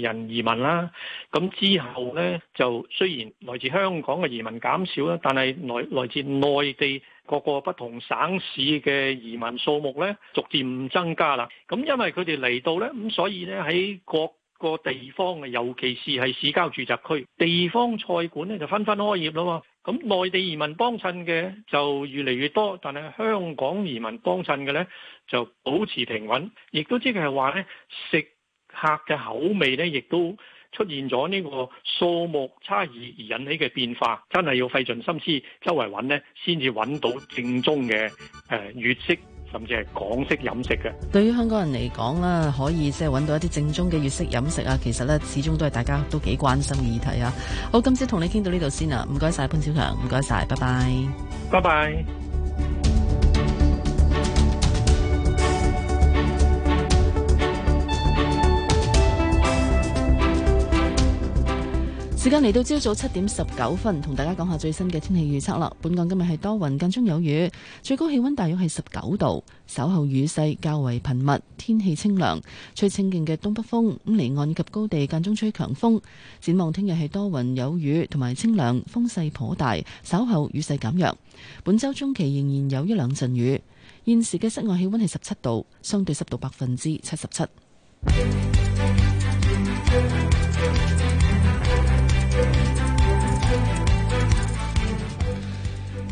人移民啦，咁之後咧就雖然來自香港嘅移民減少啦，但係來來自內地各個不同省市嘅移民數目咧逐漸增加啦。咁因為佢哋嚟到咧，咁所以咧喺國個地方啊，尤其是係市郊住宅區，地方菜館咧就紛紛開業咯。嘛。咁內地移民幫襯嘅就越嚟越多，但係香港移民幫襯嘅呢就保持停穩，亦都即係話呢食客嘅口味呢亦都出現咗呢個數目差異而引起嘅變化。真係要費盡心思周圍揾呢先至揾到正宗嘅誒粵式。甚至係港式飲食嘅，對於香港人嚟講啦，可以即係揾到一啲正宗嘅粵式飲食啊，其實咧始終都係大家都幾關心嘅議題啊。好，今次同你傾到呢度先啊，唔該晒，潘小強，唔該晒，拜拜，拜拜。時間嚟到朝早七點十九分，同大家講下最新嘅天氣預測啦。本港今日係多雲間中有雨，最高氣溫大約係十九度。稍後雨勢較為頻密，天氣清涼，吹清勁嘅東北風。咁離岸及高地間中吹強風。展望聽日係多雲有雨，同埋清涼，風勢頗大。稍後雨勢減弱。本週中期仍然有一兩陣雨。現時嘅室外氣溫係十七度，相對濕度百分之七十七。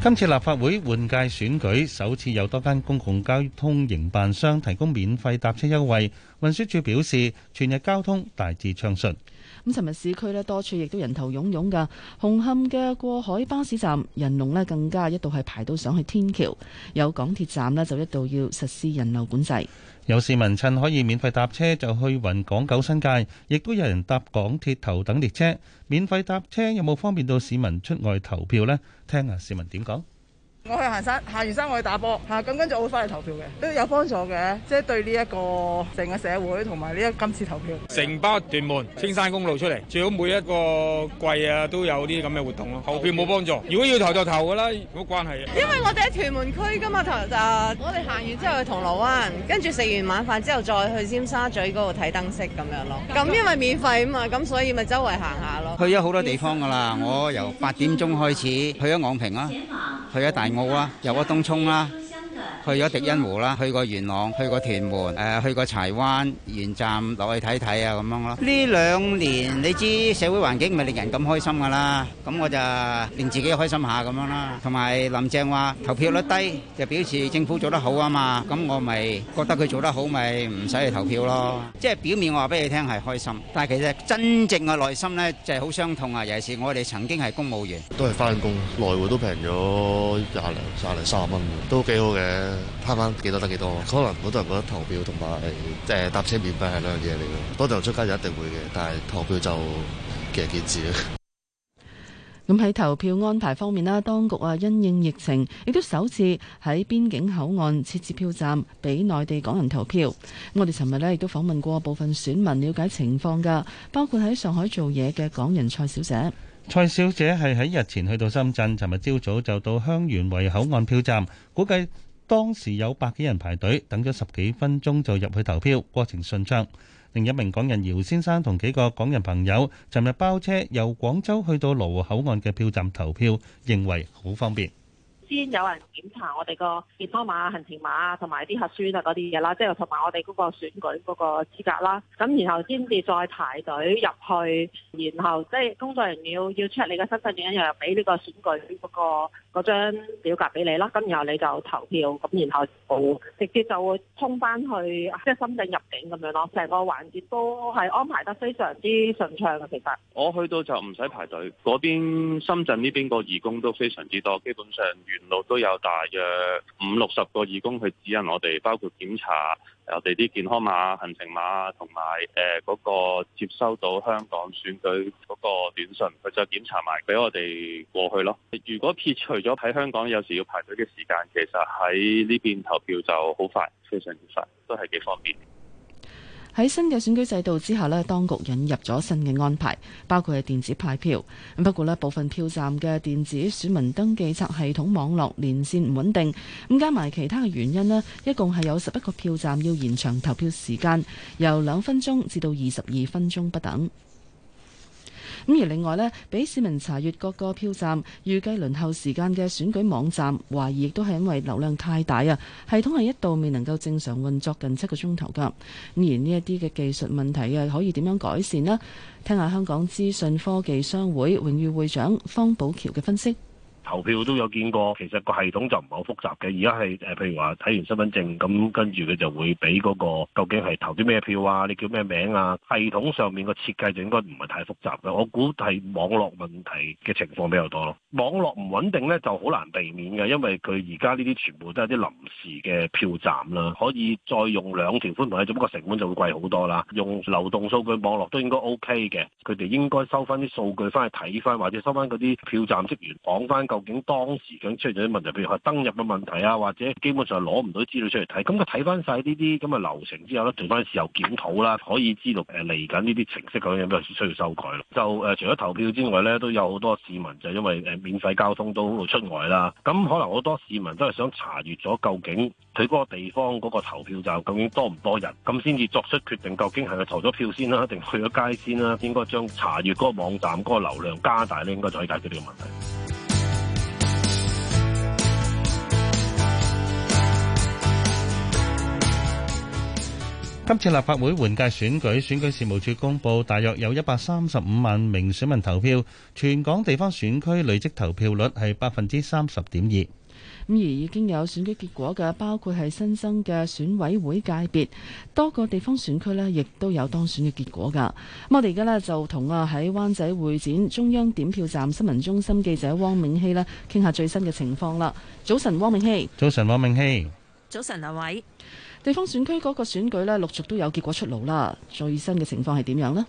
今次立法會換屆選舉，首次有多間公共交通營辦商提供免費搭車優惠。運輸署表示，全日交通大致暢順。咁，尋日市區咧多處亦都人頭湧湧噶，紅磡嘅過海巴士站人龍咧更加一度係排到上去天橋，有港鐵站咧就一度要實施人流管制。有市民趁可以免費搭車就去雲港九新界，亦都有人搭港鐵頭等列車。免費搭車有冇方便到市民出外投票呢？聽下市民點講。我去行山，行完山我去打波，嚇咁跟住我會翻嚟投票嘅，都有幫助嘅，即係對呢一個成個社會同埋呢一今次投票。城北屯門青山公路出嚟，最好每一個季啊都有啲咁嘅活動咯。投票冇幫助，如果要投就投噶啦，冇關係。因為我哋喺屯門區噶嘛，頭日啊，我哋行完之後去銅鑼灣，跟住食完晚飯之後再去尖沙咀嗰度睇燈飾咁樣咯。咁因為免費啊嘛，咁所以咪周圍行下咯。去咗好多地方噶啦，我由八點鐘開始去咗昂平啦。去咗大澳啦，遊咗東涌啦。去咗迪欣湖啦，去過元朗，去過屯門，誒去過柴灣、原站落去睇睇啊咁樣咯。呢兩年你知社會環境唔係令人咁開心㗎啦，咁我就令自己開心下咁樣啦。同埋林鄭話投票率低就表示政府做得好啊嘛，咁我咪覺得佢做得好咪唔使去投票咯。即係表面我話俾你聽係開心，但係其實真正嘅內心咧就係好傷痛啊！尤其是我哋曾經係公務員，都係翻工，來回都平咗廿零、卅零、三啊蚊嘅，都幾好嘅。攤翻幾多得幾多。可能好多人覺得投票同埋誒，搭車免費係兩樣嘢嚟嘅。多啲人出街就一定會嘅，但係投票就見仁見智啦。咁喺投票安排方面啦，當局啊，因應疫情，亦都首次喺邊境口岸設置票站，俾內地港人投票。咁我哋尋日呢亦都訪問過部分選民，了解情況㗎。包括喺上海做嘢嘅港人蔡小姐。蔡小姐係喺日前去到深圳，尋日朝早就到香園圍口岸票站，估計。當時有百幾人排隊，等咗十幾分鐘就入去投票，過程順暢。另一名港人姚先生同幾個港人朋友，尋日包車由廣州去到羅湖口岸嘅票站投票，認為好方便。先有人檢查我哋個健康碼、行程碼同埋啲核酸啊嗰啲嘢啦，即係同埋我哋嗰個選舉嗰個資格啦。咁然後先至再排隊入去，然後即係工作人員要要 check 你嘅身份證，一樣俾呢個選舉嗰個嗰張表格俾你啦。咁然後你就投票，咁然後直接就會通翻去即係深圳入境咁樣咯。成個環節都係安排得非常之順暢啊！其實我去到就唔使排隊，嗰邊深圳呢邊個義工都非常之多，基本上。路都有大約五六十個義工去指引我哋，包括檢查我哋啲健康碼、行程碼同埋誒嗰個接收到香港選舉嗰個短信，佢就檢查埋俾我哋過去咯。如果撇除咗喺香港有時要排隊嘅時間，其實喺呢邊投票就好快，非常之快，都係幾方便。喺新嘅選舉制度之下呢，當局引入咗新嘅安排，包括係電子派票。咁不過呢，部分票站嘅電子選民登記冊系統網絡連線唔穩定，咁加埋其他嘅原因呢，一共係有十一個票站要延長投票時間，由兩分鐘至到二十二分鐘不等。咁而另外呢，俾市民查閲各個票站預計輪候時間嘅選舉網站，懷疑亦都係因為流量太大啊，系統係一度未能夠正常運作近七個鐘頭㗎。咁而呢一啲嘅技術問題啊，可以點樣改善呢？聽下香港資訊科技商會榮譽會長方寶橋嘅分析。投票都有見過，其實個系統就唔係好複雜嘅。而家係誒，譬如話睇完身份證，咁跟住佢就會俾嗰個究竟係投啲咩票啊？你叫咩名啊？系統上面個設計就應該唔係太複雜嘅。我估係網絡問題嘅情況比較多咯。網絡唔穩定咧，就好難避免嘅，因為佢而家呢啲全部都係啲臨時嘅票站啦，可以再用兩條寬頻，只不過成本就會貴好多啦。用流動數據網絡都應該 OK 嘅，佢哋應該收翻啲數據翻去睇翻，或者收翻嗰啲票站職員講翻究竟當時咁出現咗啲問題，譬如係登入嘅問題啊，或者基本上攞唔到資料出嚟睇，咁佢睇翻晒呢啲咁嘅流程之後咧，做翻事後檢討啦，可以知道誒嚟緊呢啲程式究竟有咩需要修改咯。就誒、呃，除咗投票之外咧，都有好多市民就因為免費交通都出外啦，咁可能好多市民都係想查閲咗究竟佢嗰個地方嗰個投票站究竟多唔多人，咁先至作出決定，究竟係咪投咗票先啦、啊，定去咗街先啦、啊？應該將查閲嗰個網站嗰個流量加大咧，應該就可以解決呢個問題。今次立法會換屆選舉，選舉事務處公布，大約有一百三十五萬名選民投票，全港地方選區累積投票率係百分之三十點二。咁而已經有選舉結果嘅，包括係新生嘅選委會界別，多個地方選區呢亦都有當選嘅結果噶。咁我哋而家呢，就同啊喺灣仔會展中央點票站新聞中心記者汪明希呢傾下最新嘅情況啦。早晨，汪明希。早晨，汪明希。早晨，兩位。地方選區嗰個選舉呢，陸續都有結果出爐啦。最新嘅情況係點樣呢？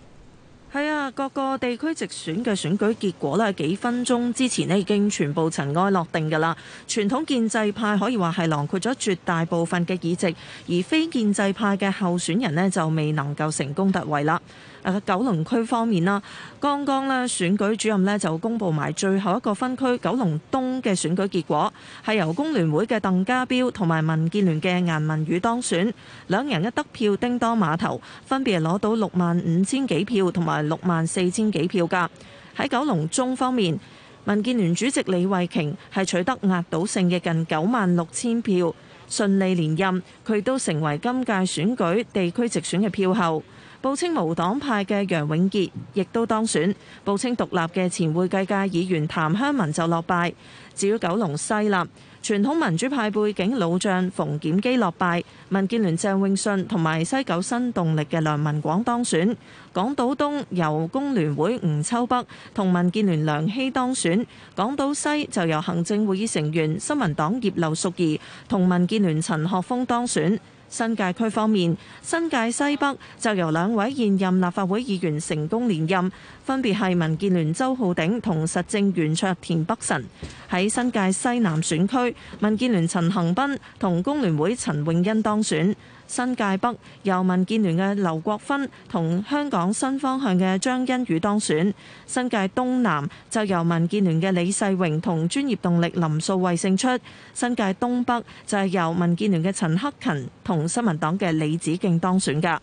係啊，各個地區直選嘅選舉結果呢，幾分鐘之前呢已經全部塵埃落定㗎啦。傳統建制派可以話係囊括咗絕大部分嘅議席，而非建制派嘅候選人呢，就未能夠成功突圍啦。誒、啊、九龍區方面啦，剛剛咧選舉主任咧就公布埋最後一個分區九龍東嘅選舉結果，係由工聯會嘅鄧家彪同埋民建聯嘅顏文宇當選，兩人一得票叮噹碼頭，分別攞到六萬五千幾票同埋六萬四千幾票㗎。喺九龍中方面，民建聯主席李慧瓊係取得壓倒性嘅近九萬六千票，順利連任，佢都成為今屆選舉地區直選嘅票后。報稱無黨派嘅楊永傑亦都當選，報稱獨立嘅前會計界議員譚香文就落敗。至於九龍西立傳統民主派背景老將馮檢基落敗，民建聯鄭泳舜同埋西九新動力嘅梁文廣當選。港島東由工聯會吳秋北同民建聯梁熙當選，港島西就由行政會議成員新民黨葉劉淑儀同民建聯陳學鋒當選。新界區方面，新界西北就由兩位現任立法會議員成功連任，分別係民建聯周浩鼎同實政圓桌田北辰。喺新界西南選區，民建聯陳恒斌同工聯會陳穎欣當選。新界北由民建聯嘅劉國勳同香港新方向嘅張欣宇當選，新界東南就由民建聯嘅李世榮同專業動力林素蔚勝出，新界東北就係由民建聯嘅陳克勤同新民黨嘅李梓敬當選噶。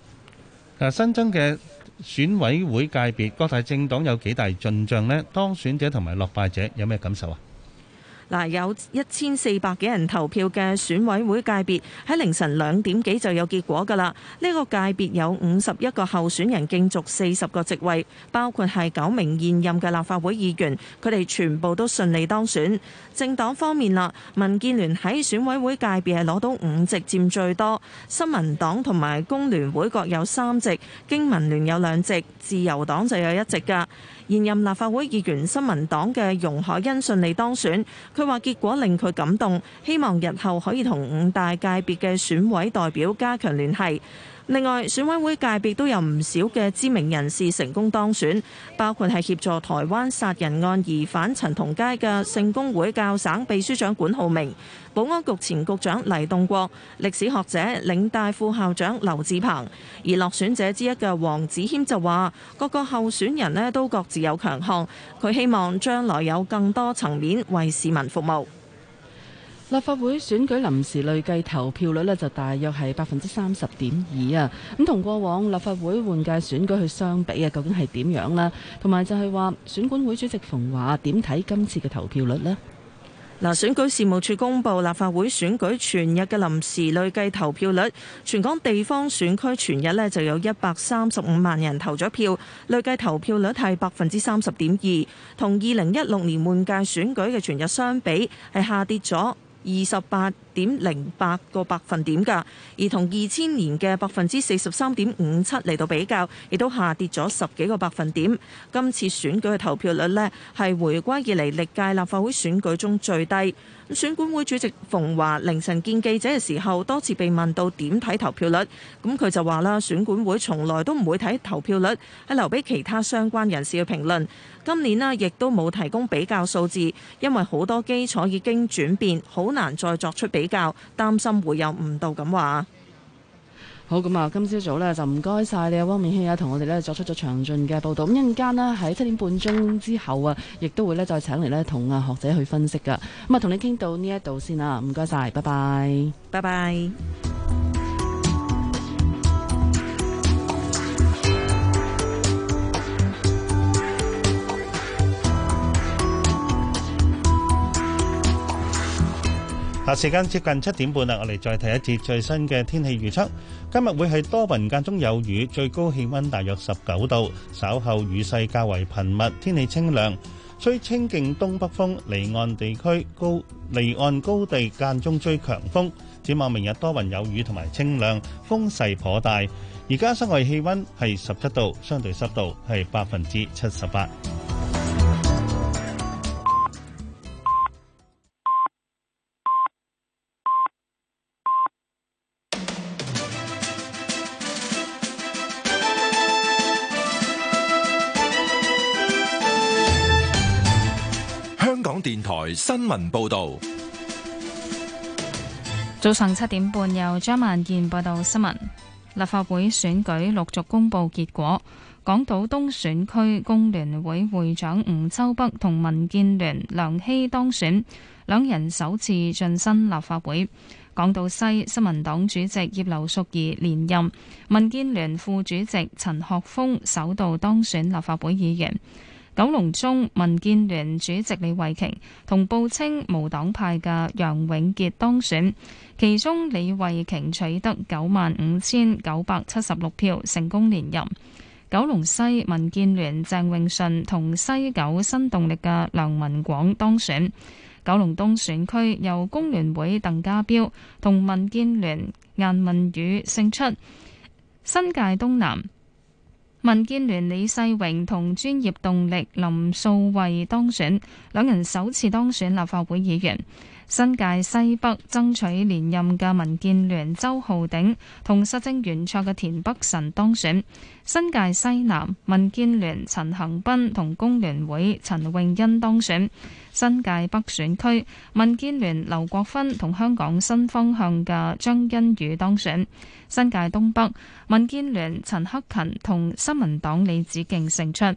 新增嘅選委會界別，各大政黨有幾大進賬呢？當選者同埋落敗者有咩感受啊？嗱，有一千四百幾人投票嘅選委會界別喺凌晨兩點幾就有結果㗎啦。呢個界別有五十一個候選人競逐四十個席位，包括係九名現任嘅立法會議員，佢哋全部都順利當選。政黨方面啦，民建聯喺選委會界別係攞到五席，佔最多。新民黨同埋工聯會各有三席，經民聯有兩席，自由黨就有一席㗎。現任立法會議員新民黨嘅容海恩順利當選，佢話結果令佢感動，希望日後可以同五大界別嘅選委代表加強聯繫。另外，選委會界別都有唔少嘅知名人士成功當選，包括係協助台灣殺人案疑犯陳同佳嘅聖公會教省秘書長管浩鳴、保安局前局長黎棟國、歷史學者嶺大副校長劉智鵬。而落選者之一嘅黃梓謙就話，各個候選人呢都各自有強項，佢希望將來有更多層面為市民服務。立法會選舉臨時累計投票率咧就大約係百分之三十點二啊，咁同過往立法會換屆選舉去相比啊，究竟係點樣呢？同埋就係話選管會主席馮華點睇今次嘅投票率呢？嗱，選舉事務處公布立法會選舉全日嘅臨時累計投票率，全港地方選區全日呢就有一百三十五萬人投咗票，累計投票率係百分之三十點二，同二零一六年換屆選舉嘅全日相比係下跌咗。二十八點零八個百分點㗎，而同二千年嘅百分之四十三點五七嚟到比較，亦都下跌咗十幾個百分點。今次選舉嘅投票率呢，係回歸以嚟歷屆立法會選舉中最低。咁選管會主席馮華凌晨見記者嘅時候，多次被問到點睇投票率，咁佢就話啦：選管會從來都唔會睇投票率，係留俾其他相關人士嘅評論。今年呢，亦都冇提供比較數字，因為好多基礎已經轉變，好難再作出比較，擔心會有誤導咁話。好咁啊，今朝早咧就唔該晒你啊，汪明希啊，同我哋咧作出咗詳盡嘅報導。咁一陣間咧喺七點半鐘之後啊，亦都會咧再請嚟咧同啊學者去分析噶。咁啊，同你傾到呢一度先啦，唔該晒，拜拜，拜拜。下時間接近七點半啦，我哋再睇一節最新嘅天氣預測。今日會係多雲間中有雨，最高氣温大約十九度。稍後雨勢較為頻密，天氣清涼，吹清勁東北風。離岸地區高，離岸高地間中吹強風。展望明日多雲有雨同埋清涼，風勢頗大。而家室外氣温係十七度，相對濕度係百分之七十八。電台新聞報道：早上七點半，由張萬健報道新聞。立法會選舉陸續公布結果，港島東選區工聯會會長吳秋北同民建聯梁希當選，兩人首次晉身立法會。港島西，新民黨主席葉劉淑儀連任，民建聯副主席陳學峰首度當選立法會議員。九龍中民建聯主席李慧瓊同報稱無黨派嘅楊永杰當選，其中李慧瓊取得九萬五千九百七十六票，成功連任。九龍西民建聯鄭泳舜同西九新動力嘅梁文廣當選。九龍東選區由工聯會鄧家彪同民建聯顏汶羽勝出。新界東南民建聯李世榮同專業動力林素蔚當選，兩人首次當選立法會議員。新界西北爭取連任嘅民建聯周浩鼎同實政圓桌嘅田北辰當選。新界西南民建聯陳恒鑌同工聯會陳穎欣當選。新界北選區，民建聯劉國勳同香港新方向嘅張欣宇當選；新界東北，民建聯陳克勤同新民黨李梓敬勝出。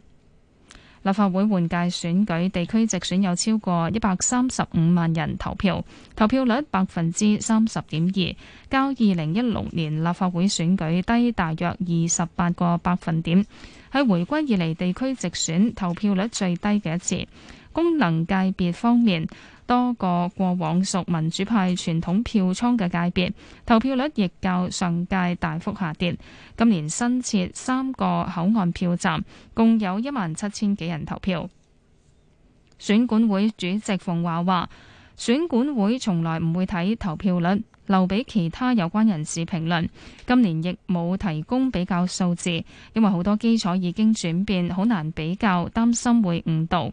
立法會換屆選舉地區直選有超過一百三十五萬人投票，投票率百分之三十點二，較二零一六年立法會選舉低大約二十八個百分點，係回歸以嚟地區直選投票率最低嘅一次。功能界別方面，多個過，過往屬民主派傳統票倉嘅界別，投票率亦較上屆大幅下跌。今年新設三個口岸票站，共有一萬七千幾人投票。選管會主席馮驊話：選管會從來唔會睇投票率，留俾其他有關人士評論。今年亦冇提供比較數字，因為好多基礎已經轉變，好難比較，擔心會誤導。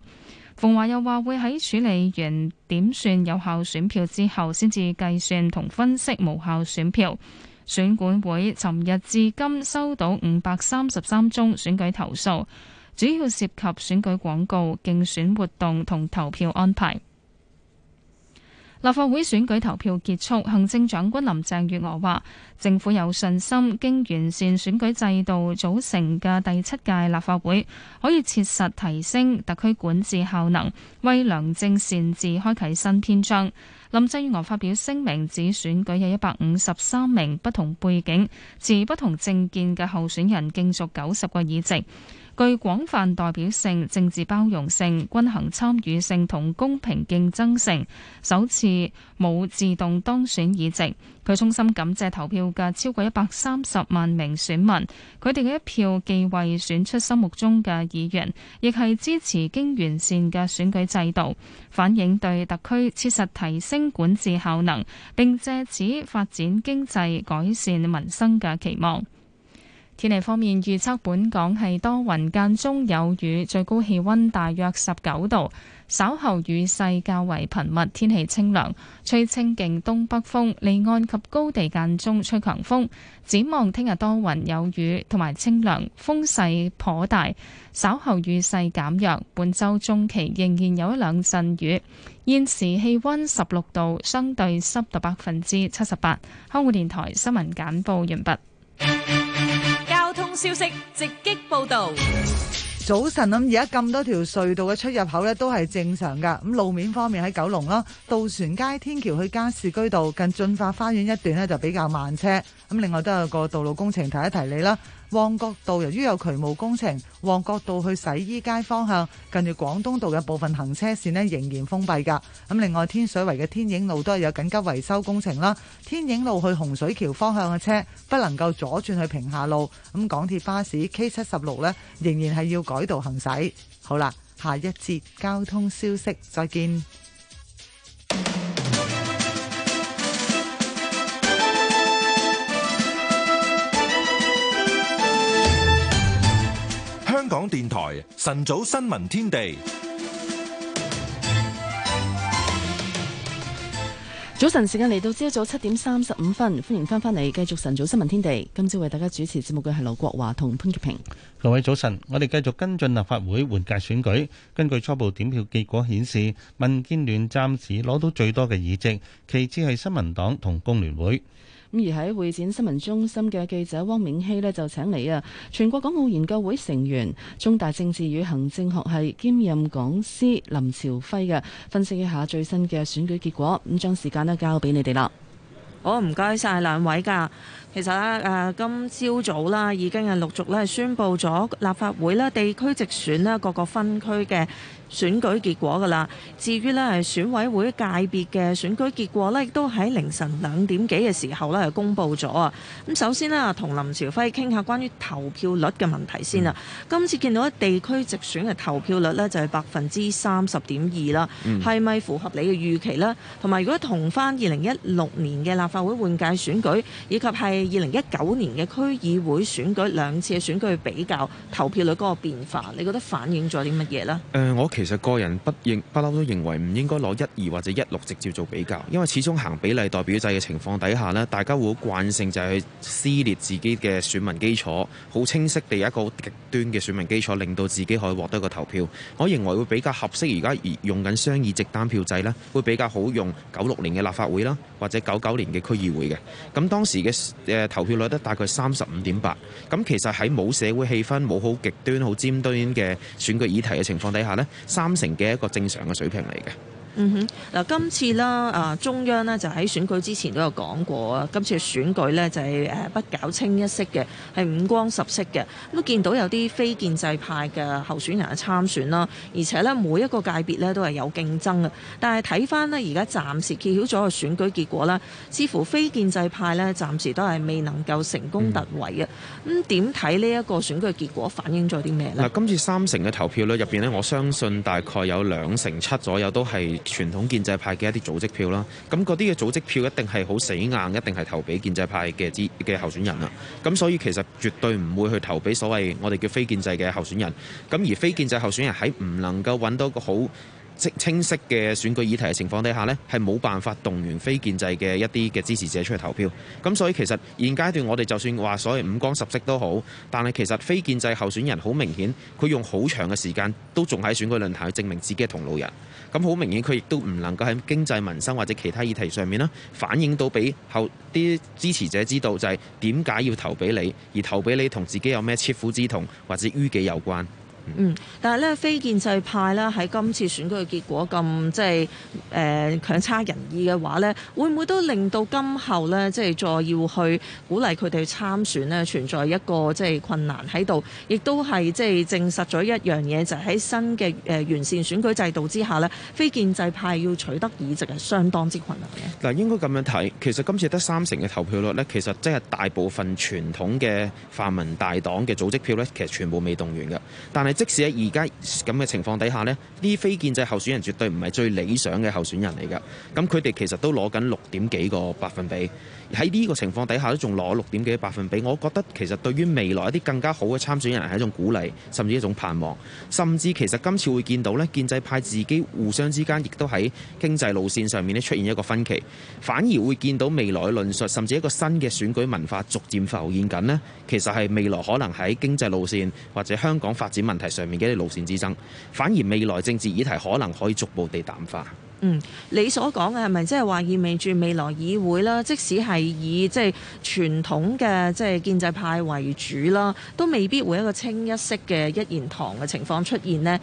馮華又話：會喺處理完點算有效選票之後，先至計算同分析無效選票。選管會尋日至今收到五百三十三宗選舉投訴，主要涉及選舉廣告、競選活動同投票安排。立法會選舉投票結束，行政長官林鄭月娥話，政府有信心經完善選舉制度組成嘅第七屆立法會，可以切實提升特區管治效能，為良政善治開啟新篇章。林鄭月娥發表聲明，指選舉有一百五十三名不同背景、持不同政見嘅候選人競逐九十個議席。具廣泛代表性、政治包容性、均衡參與性同公平競爭性，首次冇自動當選議席。佢衷心感謝投票嘅超過一百三十萬名選民，佢哋嘅一票既為選出心目中嘅議員，亦係支持經完善嘅選舉制度，反映對特區切實提升管治效能，並借此發展經濟改善民生嘅期望。天氣方面預測，預測本港係多雲間中有雨，最高氣溫大約十九度。稍後雨勢較為頻密，天氣清涼，吹清勁東北風，離岸及高地間中吹強風。展望聽日多雲有雨，同埋清涼，風勢頗大。稍後雨勢減弱，本週中期仍然有一兩陣雨。現時氣溫十六度，相對濕度百分之七十八。香港電台新聞簡報完畢。消息直擊報道。早晨，咁而家咁多條隧道嘅出入口咧都係正常噶。咁路面方面喺九龍啦，渡船街天橋去加士居道近駿發花園一段咧就比較慢車。咁另外都有個道路工程提一提你啦。旺角道由於有渠務工程，旺角道去洗衣街方向近住廣東道嘅部分行車線呢仍然封閉㗎。咁另外天水圍嘅天影路都係有緊急維修工程啦，天影路去洪水橋方向嘅車不能夠左轉去平下路。咁港鐵巴士 K 七十六呢仍然係要改道行駛。好啦，下一節交通消息，再見。香港電台晨早新聞天地，早晨時間嚟到朝早七點三十五分，歡迎返返嚟繼續晨早新聞天地。今朝為大家主持節目嘅係劉國華同潘卓平。各位早晨，我哋繼續跟進立法會換屆選舉。根據初步點票結果顯示，民建聯暫時攞到最多嘅議席，其次係新民黨同工聯會。咁而喺會展新聞中心嘅記者汪明希呢，就請嚟啊，全國港澳研究會成員、中大政治與行政學系兼任講師林朝暉嘅分析一下最新嘅選舉結果。咁將時間咧交俾你哋啦。好，唔該晒兩位噶。其實呢，誒、呃，今朝早啦，已經係陸續咧宣布咗立法會啦、地區直選啦、各個分區嘅。選舉結果㗎啦。至於呢，係選委會界別嘅選舉結果呢，亦都喺凌晨兩點幾嘅時候呢，係公布咗啊。咁首先呢，同林朝輝傾下關於投票率嘅問題先啦。嗯、今次見到地區直選嘅投票率呢，就係百分之三十點二啦，係咪、嗯、符合你嘅預期呢？同埋如果同翻二零一六年嘅立法會換屆選舉以及係二零一九年嘅區議會選舉兩次嘅選舉比較，投票率嗰個變化，你覺得反映咗啲乜嘢呢？誒、呃，其實個人不認不嬲都認為唔應該攞一二或者一六直接做比較，因為始終行比例代表制嘅情況底下咧，大家會慣性就係去撕裂自己嘅選民基礎，好清晰地一個極端嘅選民基礎，令到自己可以獲得一個投票。我認為會比較合適，而家而用緊雙議席單票制咧，會比較好用九六年嘅立法會啦，或者九九年嘅區議會嘅。咁當時嘅誒、呃、投票率得大概三十五點八，咁其實喺冇社會氣氛冇好極端好尖端嘅選舉議題嘅情況底下咧。三成嘅一個正常嘅水平嚟嘅。嗯哼，嗱，今次啦，啊，中央呢就喺選舉之前都有講過啊，今次選舉呢、就是，就係誒不搞清一色嘅，係五光十色嘅。咁都見到有啲非建制派嘅候選人參選啦，而且呢，每一個界別呢都係有競爭嘅。但係睇翻呢，而家暫時揭曉咗嘅選舉結果咧，似乎非建制派呢，暫時都係未能夠成功突圍嘅。咁點睇呢一個選舉嘅結果反映咗啲咩呢？嗱，今次三成嘅投票率入邊呢，面我相信大概有兩成七左右都係。傳統建制派嘅一啲組織票啦，咁嗰啲嘅組織票一定係好死硬，一定係投俾建制派嘅嘅嘅候選人啦。咁所以其實絕對唔會去投俾所謂我哋叫非建制嘅候選人。咁而非建制候選人喺唔能夠揾到個好清晰嘅選舉議題嘅情況底下呢，係冇辦法動員非建制嘅一啲嘅支持者出去投票。咁所以其實現階段我哋就算話所謂五光十色都好，但係其實非建制候選人好明顯，佢用好長嘅時間都仲喺選舉論壇去證明自己係同路人。咁好明顯佢亦都唔能夠喺經濟民生或者其他議題上面呢，反映到俾後啲支持者知道就係點解要投俾你，而投俾你同自己有咩切膚之痛或者於己有關？嗯，但係呢，非建制派呢喺今次選舉嘅結果咁即係誒強差人意嘅話呢會唔會都令到今後呢？即係再要去鼓勵佢哋參選呢？存在一個即係困難喺度，亦都係即係證實咗一樣嘢，就係喺新嘅誒完善選舉制度之下呢非建制派要取得議席係相當之困難嘅。嗱，應該咁樣睇，其實今次得三成嘅投票率呢，其實即係大部分傳統嘅泛民大黨嘅組織票呢，其實全部未動員嘅，但係，即使喺而家咁嘅情況底下，呢啲非建制候選人絕對唔係最理想嘅候選人嚟㗎。咁佢哋其實都攞緊六點幾個百分比。喺呢個情況底下都仲攞六點幾嘅百分比，我覺得其實對於未來一啲更加好嘅參選人係一種鼓勵，甚至一種盼望。甚至其實今次會見到呢建制派自己互相之間亦都喺經濟路線上面呢出現一個分歧，反而會見到未來嘅論述，甚至一個新嘅選舉文化逐漸浮現緊呢，其實係未來可能喺經濟路線或者香港發展問題上面嘅路線之爭，反而未來政治議題可能可以逐步地淡化。嗯，你所講嘅係咪即係話意味住未來議會啦，即使係以即係、就是、傳統嘅即係建制派為主啦，都未必會一個清一色嘅一言堂嘅情況出現呢？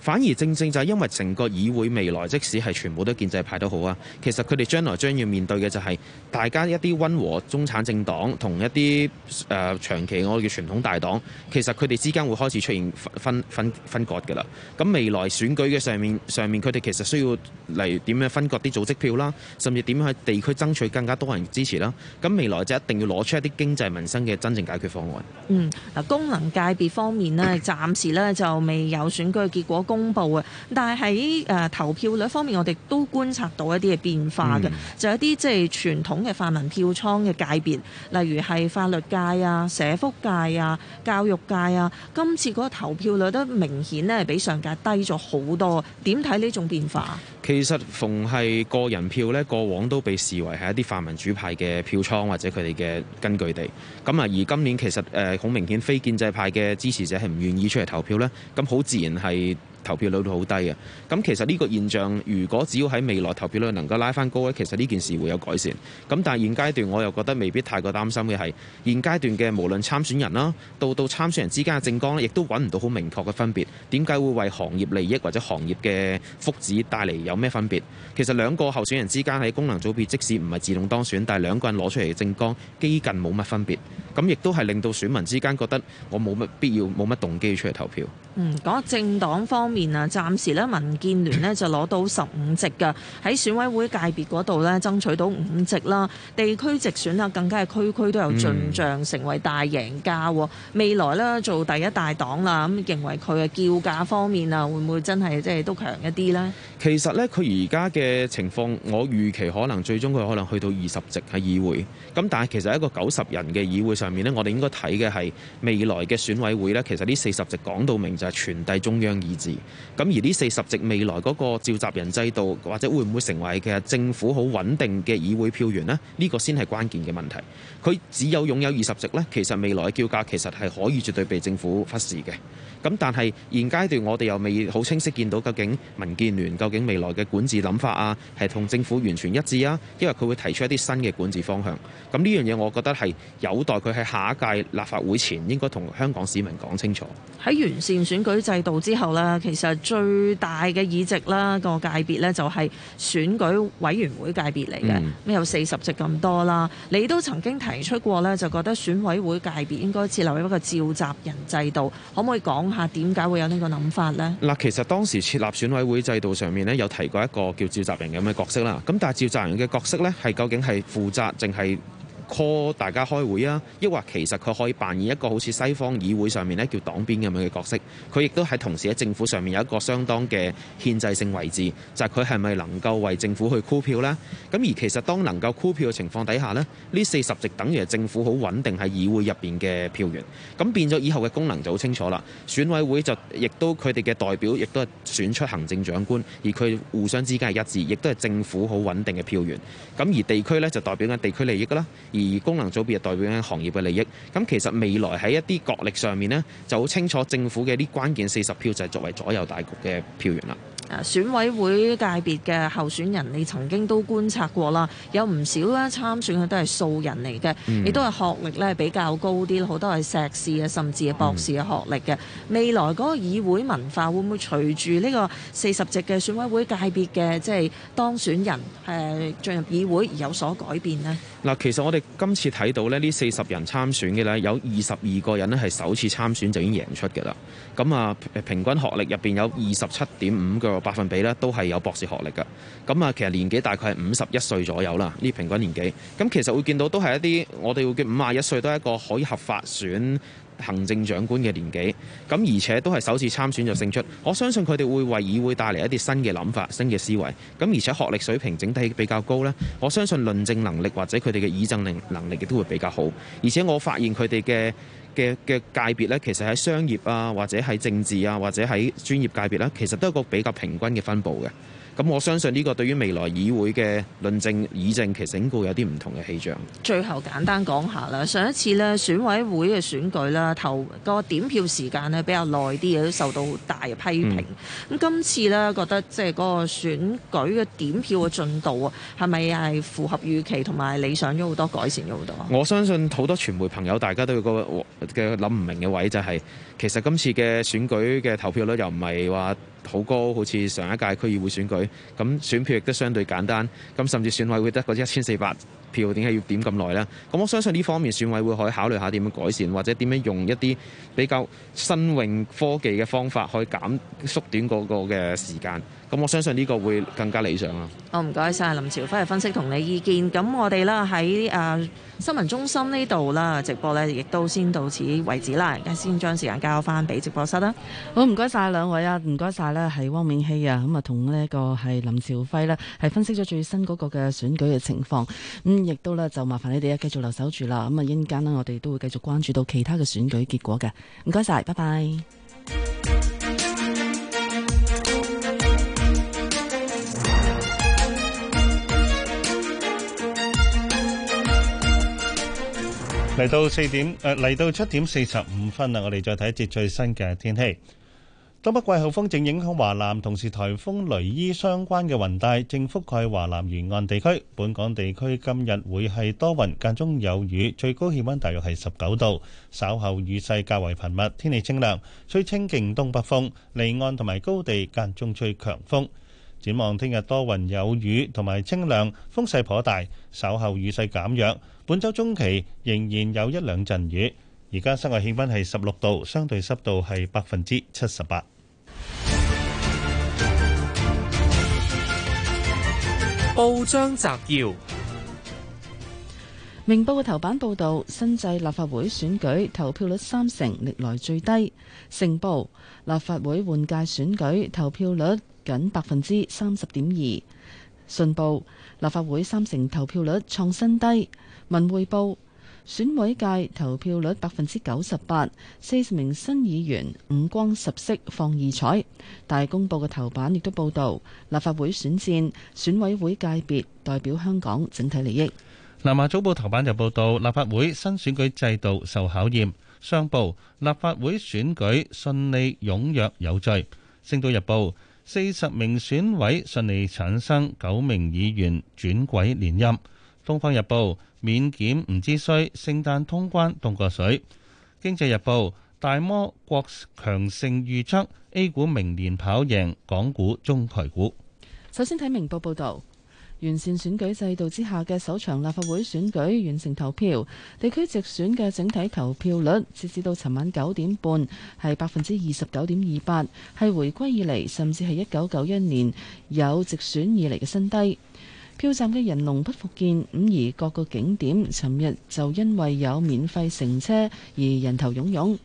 反而正正就係因為成個議會未來即使係全部都建制派都好啊，其實佢哋將來將要面對嘅就係、是、大家一啲溫和中產政黨同一啲誒、呃、長期我叫傳統大黨，其實佢哋之間會開始出現分分分分割噶啦。咁未來選舉嘅上面上面，佢哋其實需要嚟點樣分割啲組織票啦，甚至點樣喺地區爭取更加多人支持啦。咁未來就一定要攞出一啲經濟民生嘅真正解決方案。嗯，嗱，功能界別方面咧，暫時咧就未有選舉嘅結果。公布啊！但係喺誒投票率方面，我哋都觀察到一啲嘅變化嘅，嗯、就一啲即係傳統嘅泛民票倉嘅界別，例如係法律界啊、社福界啊、教育界啊，今次嗰個投票率都明顯咧，係比上屆低咗好多。點睇呢種變化？其實凡係個人票呢，過往都被視為係一啲泛民主派嘅票倉或者佢哋嘅根據地。咁啊，而今年其實誒好明顯非建制派嘅支持者係唔願意出嚟投票咧，咁好自然係投票率都好低啊。咁其實呢個現象，如果只要喺未來投票率能夠拉翻高呢，其實呢件事會有改善。咁但係現階段我又覺得未必太過擔心嘅係，現階段嘅無論參選人啦，到到參選人之間嘅政綱咧，亦都揾唔到好明確嘅分別。點解會為行業利益或者行業嘅福祉帶嚟有？有咩分別？其實兩個候選人之間喺功能組別，即使唔係自動當選，但係兩個人攞出嚟嘅政綱，幾近冇乜分別。咁亦都係令到選民之間覺得我冇乜必要，冇乜動機出嚟投票。嗯，講下政黨方面啊，暫時咧民建聯咧就攞到十五席嘅，喺選委會界別嗰度咧爭取到五席啦，地區直選啊更加係區區都有進賬，成為大贏家。未來咧做第一大黨啦，咁認為佢嘅叫價方面啊，會唔會真係即係都強一啲呢？其實咧，佢而家嘅情況，我預期可能最終佢可能去到二十席喺議會。咁但係其實一個九十人嘅議會上面咧，我哋應該睇嘅係未來嘅選委會咧，其實呢四十席講到明就是。傳遞中央意志，咁而呢四十席未來嗰個召集人制度，或者會唔會成為其政府好穩定嘅議會票源呢？呢、呢個先係關鍵嘅問題。佢只有擁有二十席呢，其實未來嘅叫價其實係可以絕對被政府忽視嘅。咁但係現階段我哋又未好清晰見到究竟民建聯究竟未來嘅管治諗法啊，係同政府完全一致啊，因為佢會提出一啲新嘅管治方向。咁呢樣嘢我覺得係有待佢喺下一屆立法會前應該同香港市民講清楚。喺完善選舉制度之後咧，其實最大嘅議席啦，個界別咧就係選舉委員會界別嚟嘅，咩、嗯？有四十席咁多啦。你都曾經提出過咧，就覺得選委會界別應該設立一個召集人制度，可唔可以講？下點解會有呢個諗法咧？嗱，其實當時設立選委會制度上面咧，有提過一個叫召集人咁嘅角色啦。咁但係召集人嘅角色咧，係究竟係負責定係？call 大家開會啊！抑或其實佢可以扮演一個好似西方議會上面呢叫黨鞭咁樣嘅角色，佢亦都係同時喺政府上面有一個相當嘅憲制性位置，就係佢係咪能夠為政府去箍票呢？咁而其實當能夠箍票嘅情況底下呢，呢四十席等於係政府好穩定喺議會入邊嘅票源，咁變咗以後嘅功能就好清楚啦。選委會就亦都佢哋嘅代表，亦都係選出行政長官，而佢互相之間係一致，亦都係政府好穩定嘅票源。咁而地區呢，就代表緊地區利益㗎啦。而功能組別代表緊行業嘅利益，咁其實未來喺一啲角力上面呢，就好清楚政府嘅啲關鍵四十票就係作為左右大局嘅票源啦。誒選委會界別嘅候選人，你曾經都觀察過啦，有唔少咧參選嘅都係素人嚟嘅，亦、嗯、都係學歷咧比較高啲，好多係碩士嘅，甚至係博士嘅學歷嘅。嗯、未來嗰個議會文化會唔會隨住呢個四十席嘅選委會界別嘅即係當選人誒進入議會而有所改變呢？嗱，其實我哋今次睇到呢，呢四十人參選嘅呢，有二十二個人咧係首次參選就已經贏出嘅啦。咁啊，平均學歷入邊有二十七點五個。百分比咧都係有博士學歷㗎，咁啊，其實年紀大概係五十一歲左右啦，呢平均年紀。咁其實會見到都係一啲我哋會見五十一歲都係一個可以合法選行政長官嘅年紀，咁而且都係首次參選就勝出。我相信佢哋會為議會帶嚟一啲新嘅諗法、新嘅思維。咁而且學歷水平整體比較高呢。我相信論證能力或者佢哋嘅議政能能力亦都會比較好。而且我發現佢哋嘅嘅嘅界別咧，其實喺商業啊，或者係政治啊，或者喺專業界別咧，其實都係一個比較平均嘅分布嘅。咁我相信呢個對於未來議會嘅論證，議政其實應該有啲唔同嘅氣象。最後簡單講下啦，上一次呢選委會嘅選舉咧投、嗰個點票時間呢比較耐啲都受到大嘅批評。咁、嗯、今次呢，覺得即係嗰個選舉嘅點票嘅進度啊，係咪係符合預期同埋理想咗好多改善咗好多？我相信好多傳媒朋友大家都有個嘅諗唔明嘅位就係、是，其實今次嘅選舉嘅投票率又唔係話。好高，好似上一屆區議會選舉，咁選票亦都相對簡單，咁甚至選委會得嗰一千四百票，點解要點咁耐咧？咁我相信呢方面選委會可以考慮下點樣改善，或者點樣用一啲比較新穎科技嘅方法，可以減縮短嗰個嘅時間。咁我相信呢個會更加理想啦。好，唔該晒林朝輝嘅分析同你意見。咁我哋啦喺啊新聞中心呢度啦直播呢亦都先到此為止啦。而家先將時間交翻俾直播室啦。好，唔該晒兩位謝謝啊！唔該晒咧，係汪明希啊，咁啊同呢一個係林朝輝咧，係分析咗最新嗰個嘅選舉嘅情況。咁、嗯、亦都呢，就麻煩你哋啊繼續留守住啦。咁啊一陣間呢，我哋都會繼續關注到其他嘅選舉結果嘅。唔該晒，拜拜。嚟到四點，誒、啊，嚟到七點四十五分啦、啊，我哋再睇一節最新嘅天氣。東北季候風正影響華南，同時台風雷伊相關嘅雲帶正覆蓋華南沿岸地區。本港地區今日會係多雲，間中有雨，最高氣溫大約係十九度。稍後雨勢較為頻密，天氣清涼，吹清勁東北風，離岸同埋高地間中吹強風。展望聽日多雲有雨，同埋清涼，風勢頗大。稍後雨勢減弱，本周中期仍然有一兩陣雨。而家室外氣温係十六度，相對濕度係百分之七十八。報章摘要：明報嘅頭版報道，新制立法會選舉投票率三成，歷來最低。成報。立法會換屆選舉投票率僅百分之三十點二，信報立法會三成投票率創新低。文匯報選委界投票率百分之九十八，四十名新議員五光十色放異彩。大公報嘅頭版亦都報道立法會選戰，選委會界別代表香港整體利益。南華早報頭版就報道立法會新選舉制度受考驗。商報立法會選舉順利踴躍有序。《星島日報》四十名選委順利產生，九名議員轉軌連任。《東方日報》免檢唔知衰，聖誕通關凍過水。《經濟日報》大摩國強盛預測 A 股明年跑贏港股中概股。首先睇明報報道。完善選舉制度之下嘅首場立法會選舉完成投票，地區直選嘅整體投票率，截至到尋晚九點半係百分之二十九點二八，係回歸以嚟甚至係一九九一年有直選以嚟嘅新低。票站嘅人龍不復見，咁而各個景點，尋日就因為有免費乘車而人頭湧湧。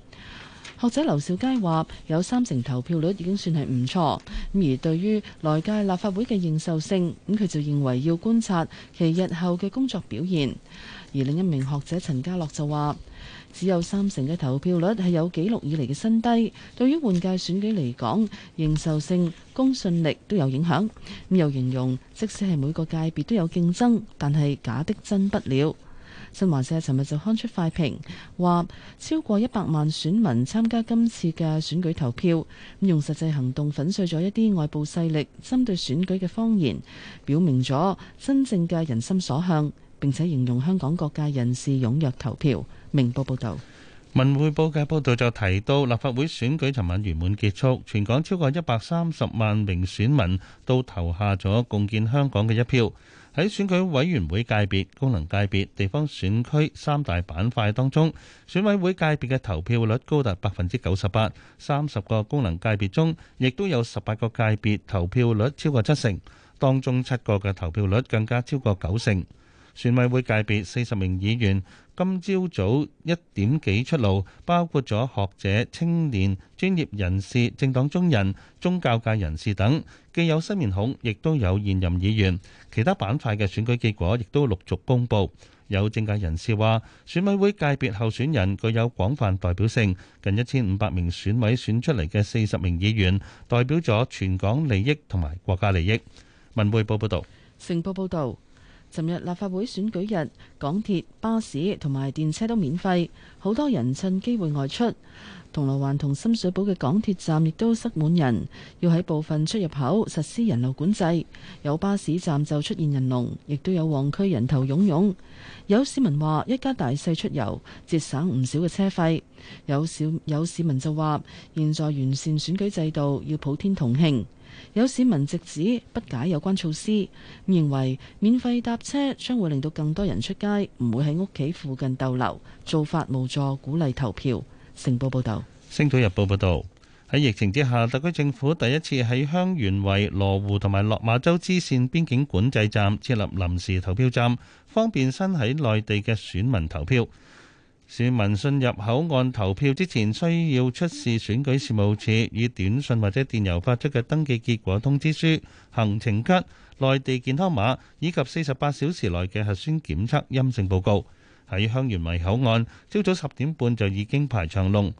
學者劉少佳話有三成投票率已經算係唔錯，咁而對於來屆立法會嘅認受性，咁佢就認為要觀察其日後嘅工作表現，而另一名學者陳家洛就話只有三成嘅投票率係有紀錄以嚟嘅新低。對於換屆選舉嚟講，認受性公信力都有影響，咁又形容即使係每個界別都有競爭，但係假的真不了。新華社尋日就刊出快評，話超過一百萬選民參加今次嘅選舉投票，用實際行動粉碎咗一啲外部勢力針對選舉嘅謊言，表明咗真正嘅人心所向，並且形容香港各界人士踊躍投票。明報報道，文匯報嘅報道就提到，立法會選舉尋晚圓滿結束，全港超過一百三十萬名選民都投下咗共建香港嘅一票。喺選舉委員會界別、功能界別、地方選區三大板塊當中，選委會界別嘅投票率高達百分之九十八。三十個功能界別中，亦都有十八個界別投票率超過七成，當中七個嘅投票率更加超過九成。選委會界別四十名議員。今朝早一點幾出爐，包括咗學者、青年、專業人士、政黨中人、宗教界人士等，既有新面孔，亦都有現任議員。其他板塊嘅選舉結果亦都陸續公布。有政界人士話，選委會界別候選人具有廣泛代表性，近一千五百名選委選出嚟嘅四十名議員，代表咗全港利益同埋國家利益。文匯報報道。成報報導。尋日立法會選舉日，港鐵、巴士同埋電車都免費，好多人趁機會外出。銅鑼灣同深水埗嘅港鐵站亦都塞滿人，要喺部分出入口實施人流管制。有巴士站就出現人龍，亦都有旺區人頭湧湧。有市民話：一家大細出遊，節省唔少嘅車費。有少有市民就話：現在完善選舉制度，要普天同慶。有市民直指不解有關措施，認為免費搭車將會令到更多人出街，唔會喺屋企附近逗留，做法無助鼓勵投票。成報報導。《星島日報》報道：「喺疫情之下，特區政府第一次喺香園圍、羅湖同埋落馬洲支線邊境管制站設立臨時投票站，方便身喺內地嘅選民投票。市民進入口岸投票之前，需要出示選舉事務處以短信或者電郵發出嘅登記結果通知書、行程卡、內地健康碼以及四十八小時內嘅核酸檢測陰性報告。喺香園圍口岸，朝早十點半就已經排長龍。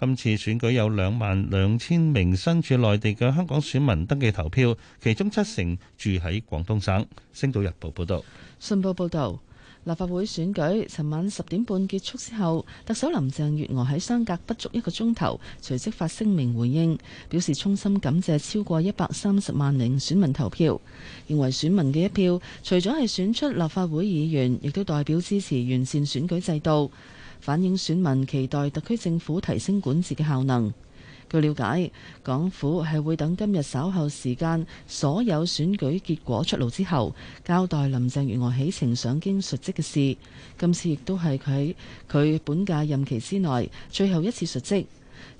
今次選舉有兩萬兩千名身處內地嘅香港選民登記投票，其中七成住喺廣東省。星島日報報道。信報報導。立法會選舉尋晚十點半結束之後，特首林鄭月娥喺相隔不足一個鐘頭，隨即發聲明回應，表示衷心感謝超過一百三十萬名選民投票，認為選民嘅一票除咗係選出立法會議員，亦都代表支持完善選舉制度，反映選民期待特區政府提升管治嘅效能。據了解，港府係會等今日稍後時間所有選舉結果出爐之後，交代林鄭月娥起程上京述職嘅事。今次亦都係佢佢本屆任期之內最後一次述職。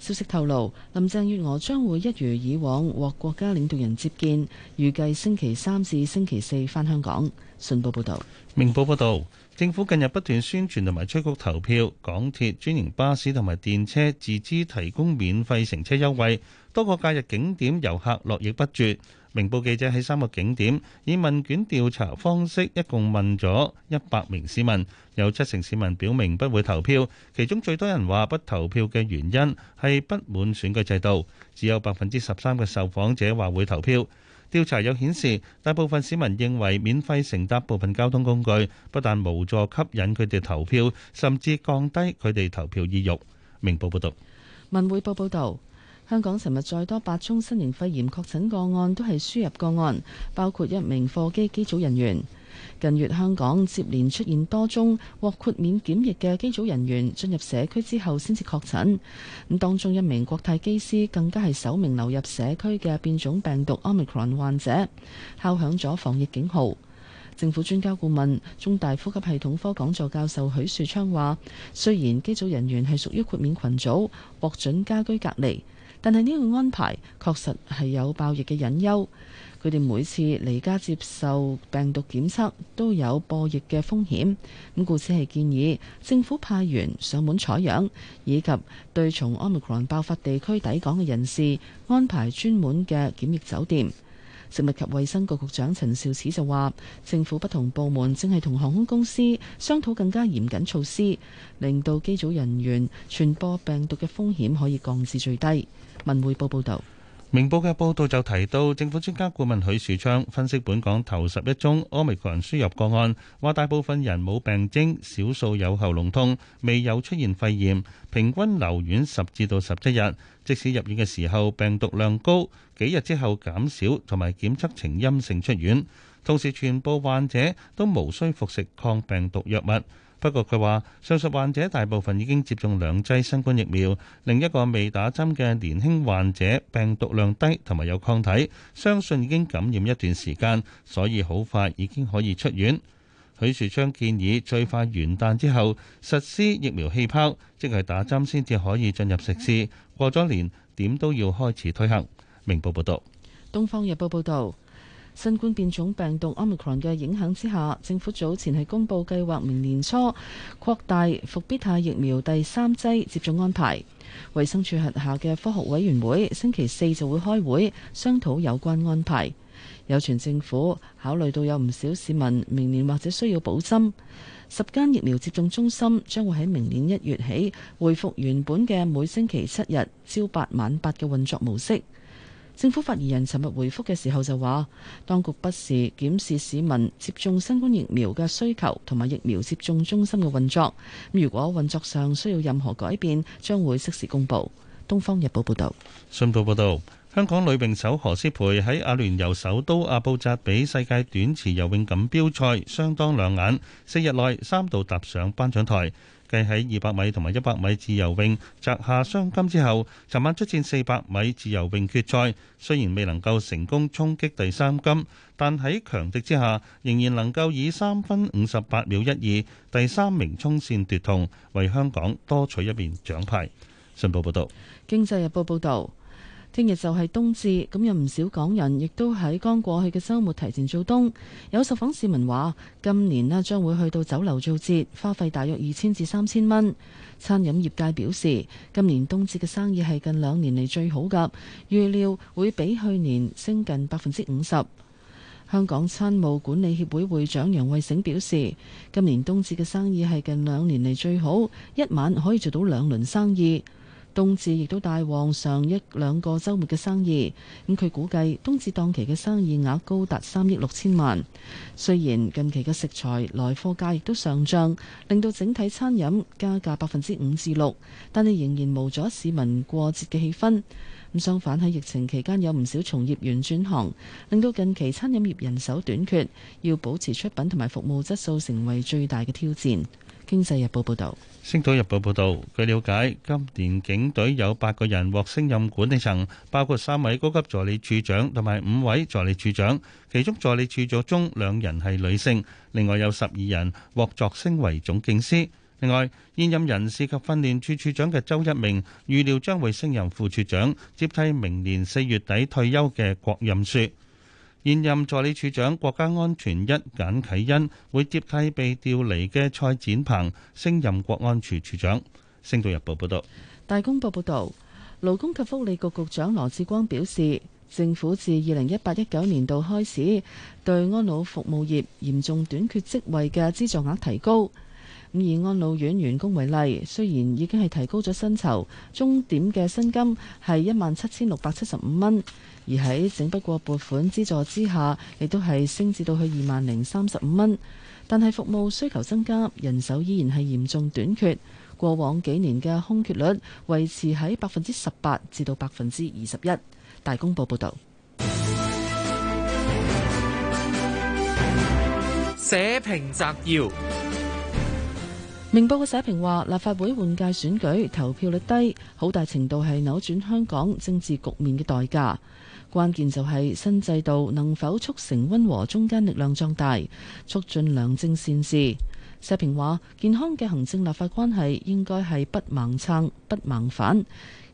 消息透露，林鄭月娥將會一如以往獲國家領導人接見，預計星期三至星期四返香港。信報報道，明報報道。政府近日不斷宣傳同埋吹谷投票，港鐵專營巴士同埋電車自資提供免費乘車優惠，多個假日景點遊客絡繹不絕。明報記者喺三個景點以問卷調查方式，一共問咗一百名市民，有七成市民表明不會投票，其中最多人話不投票嘅原因係不滿選舉制度，只有百分之十三嘅受訪者話會投票。調查有顯示，大部分市民認為免費乘搭部分交通工具，不但無助吸引佢哋投票，甚至降低佢哋投票意欲。明報報道。文匯報報道，香港尋日再多八宗新型肺炎確診個案，都係輸入個案，包括一名貨機機組人員。近月香港接連出現多宗獲豁免檢疫嘅機組人員進入社區之後先至確診，咁當中一名國泰機師更加係首名流入社區嘅變種病毒 Omicron 患者，敲響咗防疫警號。政府專家顧問、中大呼吸系統科講座教授許樹昌話：雖然機組人員係屬於豁免群組，獲准家居隔離，但係呢個安排確實係有爆疫嘅隱憂。佢哋每次離家接受病毒檢測都有播疫嘅風險，咁故此係建議政府派員上門採樣，以及對從 Omicron 爆發地區抵港嘅人士安排專門嘅檢疫酒店。食物及衛生局局長陳肇始就話政府不同部門正係同航空公司商討更加嚴謹措施，令到機組人員傳播病毒嘅風險可以降至最低。文匯報報道。明報嘅報道就提到，政府專家顧問許樹昌分析本港頭十一宗 Omicron 輸入個案，話大部分人冇病徵，少數有喉嚨痛，未有出現肺炎，平均留院十至到十七日。即使入院嘅時候病毒量高，幾日之後減少，同埋檢測呈陰性出院。同時，全部患者都無需服食抗病毒藥物。不過佢話，上述患者大部分已經接種兩劑新冠疫苗，另一個未打針嘅年輕患者病毒量低同埋有抗體，相信已經感染一段時間，所以好快已經可以出院。許樹昌建議最快元旦之後實施疫苗氣泡，即係打針先至可以進入食肆。過咗年點都要開始推行。明報報道。東方日報報道。新冠變種病毒 omicron 嘅影響之下，政府早前係公布計劃，明年初擴大復必泰疫苗第三劑接種安排。衛生署轄下嘅科學委員會星期四就會開會商討有關安排。有傳政府考慮到有唔少市民明年或者需要補針，十間疫苗接種中心將會喺明年一月起回復原本嘅每星期七日朝八晚八嘅運作模式。政府發言人尋日回覆嘅時候就話，當局不時檢視市民接種新冠疫苗嘅需求同埋疫苗接種中心嘅運作。如果運作上需要任何改變，將會適時公佈。《東方日報》報道，《信報》報道，香港女泳手何詩蓓喺阿聯酋首都阿布扎比世界短池游泳錦標賽相當亮眼，四日內三度踏上頒獎台。繼喺二百米同埋一百米自由泳摘下雙金之後，尋晚出戰四百米自由泳決賽，雖然未能夠成功衝擊第三金，但喺強敵之下，仍然能夠以三分五十八秒一二第三名衝線奪銅，為香港多取一面獎牌。信報報道，經濟日報報道。聽日就係冬至，咁有唔少港人亦都喺剛過去嘅週末提前做冬。有受訪市民話：今年呢將會去到酒樓做節，花費大約二千至三千蚊。餐飲業界表示，今年冬至嘅生意係近兩年嚟最好㗎，預料會比去年升近百分之五十。香港餐務管理協會會長楊惠醒表示，今年冬至嘅生意係近兩年嚟最好，一晚可以做到兩輪生意。冬至亦都帶旺上一兩個週末嘅生意，咁佢估計冬至檔期嘅生意額高達三億六千萬。雖然近期嘅食材來貨價亦都上漲，令到整體餐飲加價百分之五至六，6，但係仍然無阻市民過節嘅氣氛。咁相反喺疫情期間有唔少從業員轉行，令到近期餐飲業人手短缺，要保持出品同埋服務質素成為最大嘅挑戰。經濟日報報導。《星島日報》報道，據了解，今年警隊有八個人獲升任管理層，包括三位高級助理處長同埋五位助理處長，其中助理處長中兩人係女性，另外有十二人獲擢升為總警司。另外，現任人事及訓練處處長嘅周一鳴，預料將會升任副處長，接替明年四月底退休嘅郭任說。現任助理處長國家安全一，簡啟恩會接替被調離嘅蔡展鵬，升任國安處處長。星島日報報導。大公報報導，勞工及福利局局長羅志光表示，政府自二零一八一九年度開始，對安老服務業嚴重短缺職位嘅資助額提高。咁以安老院員工為例，雖然已經係提高咗薪酬，終點嘅薪金係一萬七千六百七十五蚊。而喺整不過撥款資助之下，亦都係升至到去二萬零三十五蚊。但係服務需求增加，人手依然係嚴重短缺。過往幾年嘅空缺率維持喺百分之十八至到百分之二十一。大公報報道，社評摘要：明報嘅社評話，立法會換屆選舉投票率低，好大程度係扭轉香港政治局面嘅代價。關鍵就係新制度能否促成溫和中間力量壯大，促進良政善治。社評話：健康嘅行政立法關係應該係不盲撐不盲反，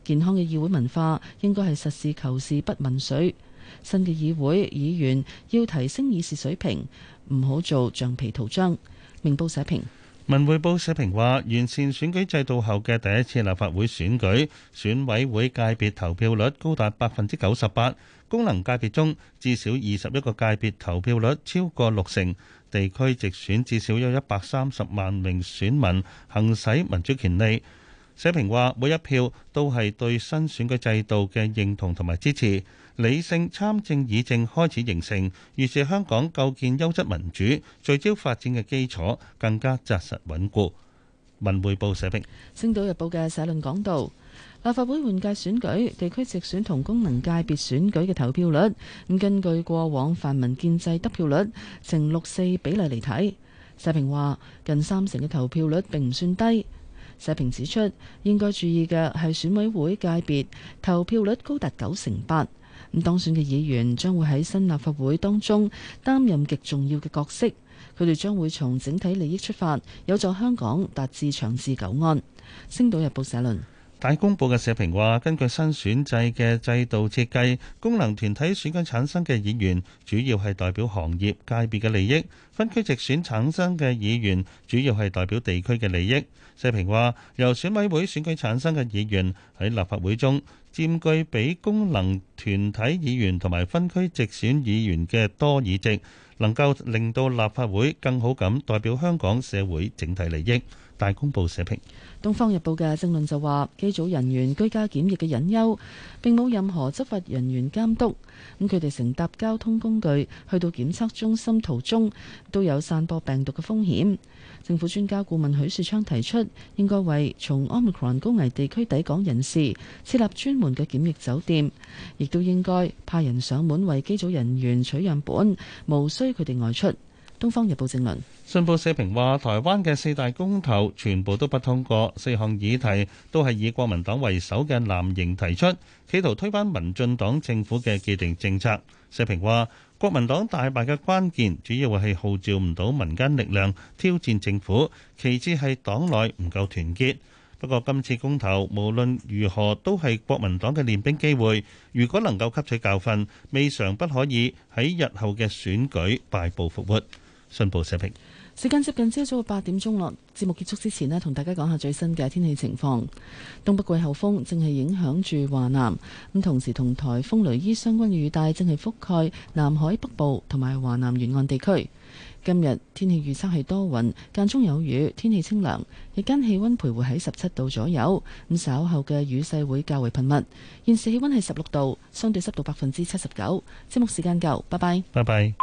健康嘅議會文化應該係實事求是不民粹。新嘅議會議員要提升議事水平，唔好做橡皮圖章。明報社評。文匯報社評話，完善選舉制度後嘅第一次立法會選舉，選委會界別投票率高達百分之九十八，功能界別中至少二十一個界別投票率超過六成，地區直選至少有一百三十萬名選民行使民主權利。社評話，每一票都係對新選舉制度嘅認同同埋支持。理性參政議政開始形成，預示香港構建優質民主、聚焦發展嘅基礎更加紮實穩固。文匯報社評。《星島日報》嘅社論講到，立法會換屆選舉、地區直選同功能界別選舉嘅投票率，咁根據過往泛民建制得票率呈六四比例嚟睇，社評話近三成嘅投票率並唔算低。社評指出，應該注意嘅係選委會界別投票率高達九成八。咁當選嘅議員將會喺新立法會當中擔任極重要嘅角色，佢哋將會從整體利益出發，有助香港達至長治久安。星島日報社論，大公報嘅社評話，根據新選制嘅制度設計，功能團體選舉產生嘅議員主要係代表行業界別嘅利益，分區直選產生嘅議員主要係代表地區嘅利益。社評話，由選委會選舉產生嘅議員喺立法會中，佔據比功能團體議員同埋分區直選議員嘅多議席，能夠令到立法會更好咁代表香港社會整體利益。大公報社評，《東方日報》嘅政論就話：機組人員居家檢疫嘅隱憂並冇任何執法人員監督，咁佢哋乘搭交通工具去到檢測中心途中都有散播病毒嘅風險。政府專家顧問許樹昌提出，應該為從 Omicron 高危地區抵港人士設立專門嘅檢疫酒店，亦都應該派人上門為機組人員取樣本，無需佢哋外出。《東方日報》正論，信報社評話：台灣嘅四大公投全部都不通過，四項議題都係以國民黨為首嘅藍營提出，企圖推翻民進黨政府嘅既定政策。社評話：國民黨大敗嘅關鍵，主要係號召唔到民間力量挑戰政府，其次係黨內唔夠團結。不過今次公投無論如何都係國民黨嘅練兵機會，如果能夠吸取教訓，未嘗不可以喺日後嘅選舉敗部復活。宣布息屏。時間接近朝早八點鐘啦，節目結束之前呢，同大家講下最新嘅天氣情況。東北季候風正係影響住華南，咁同時同颱風雷伊相關嘅雨帶正係覆蓋南海北部同埋華南沿岸地區。今日天氣預測係多雲，間中有雨，天氣清涼，日間氣温徘徊喺十七度左右。咁稍後嘅雨勢會較為頻密。現時氣温係十六度，相對濕度百分之七十九。節目時間夠，拜拜。拜拜。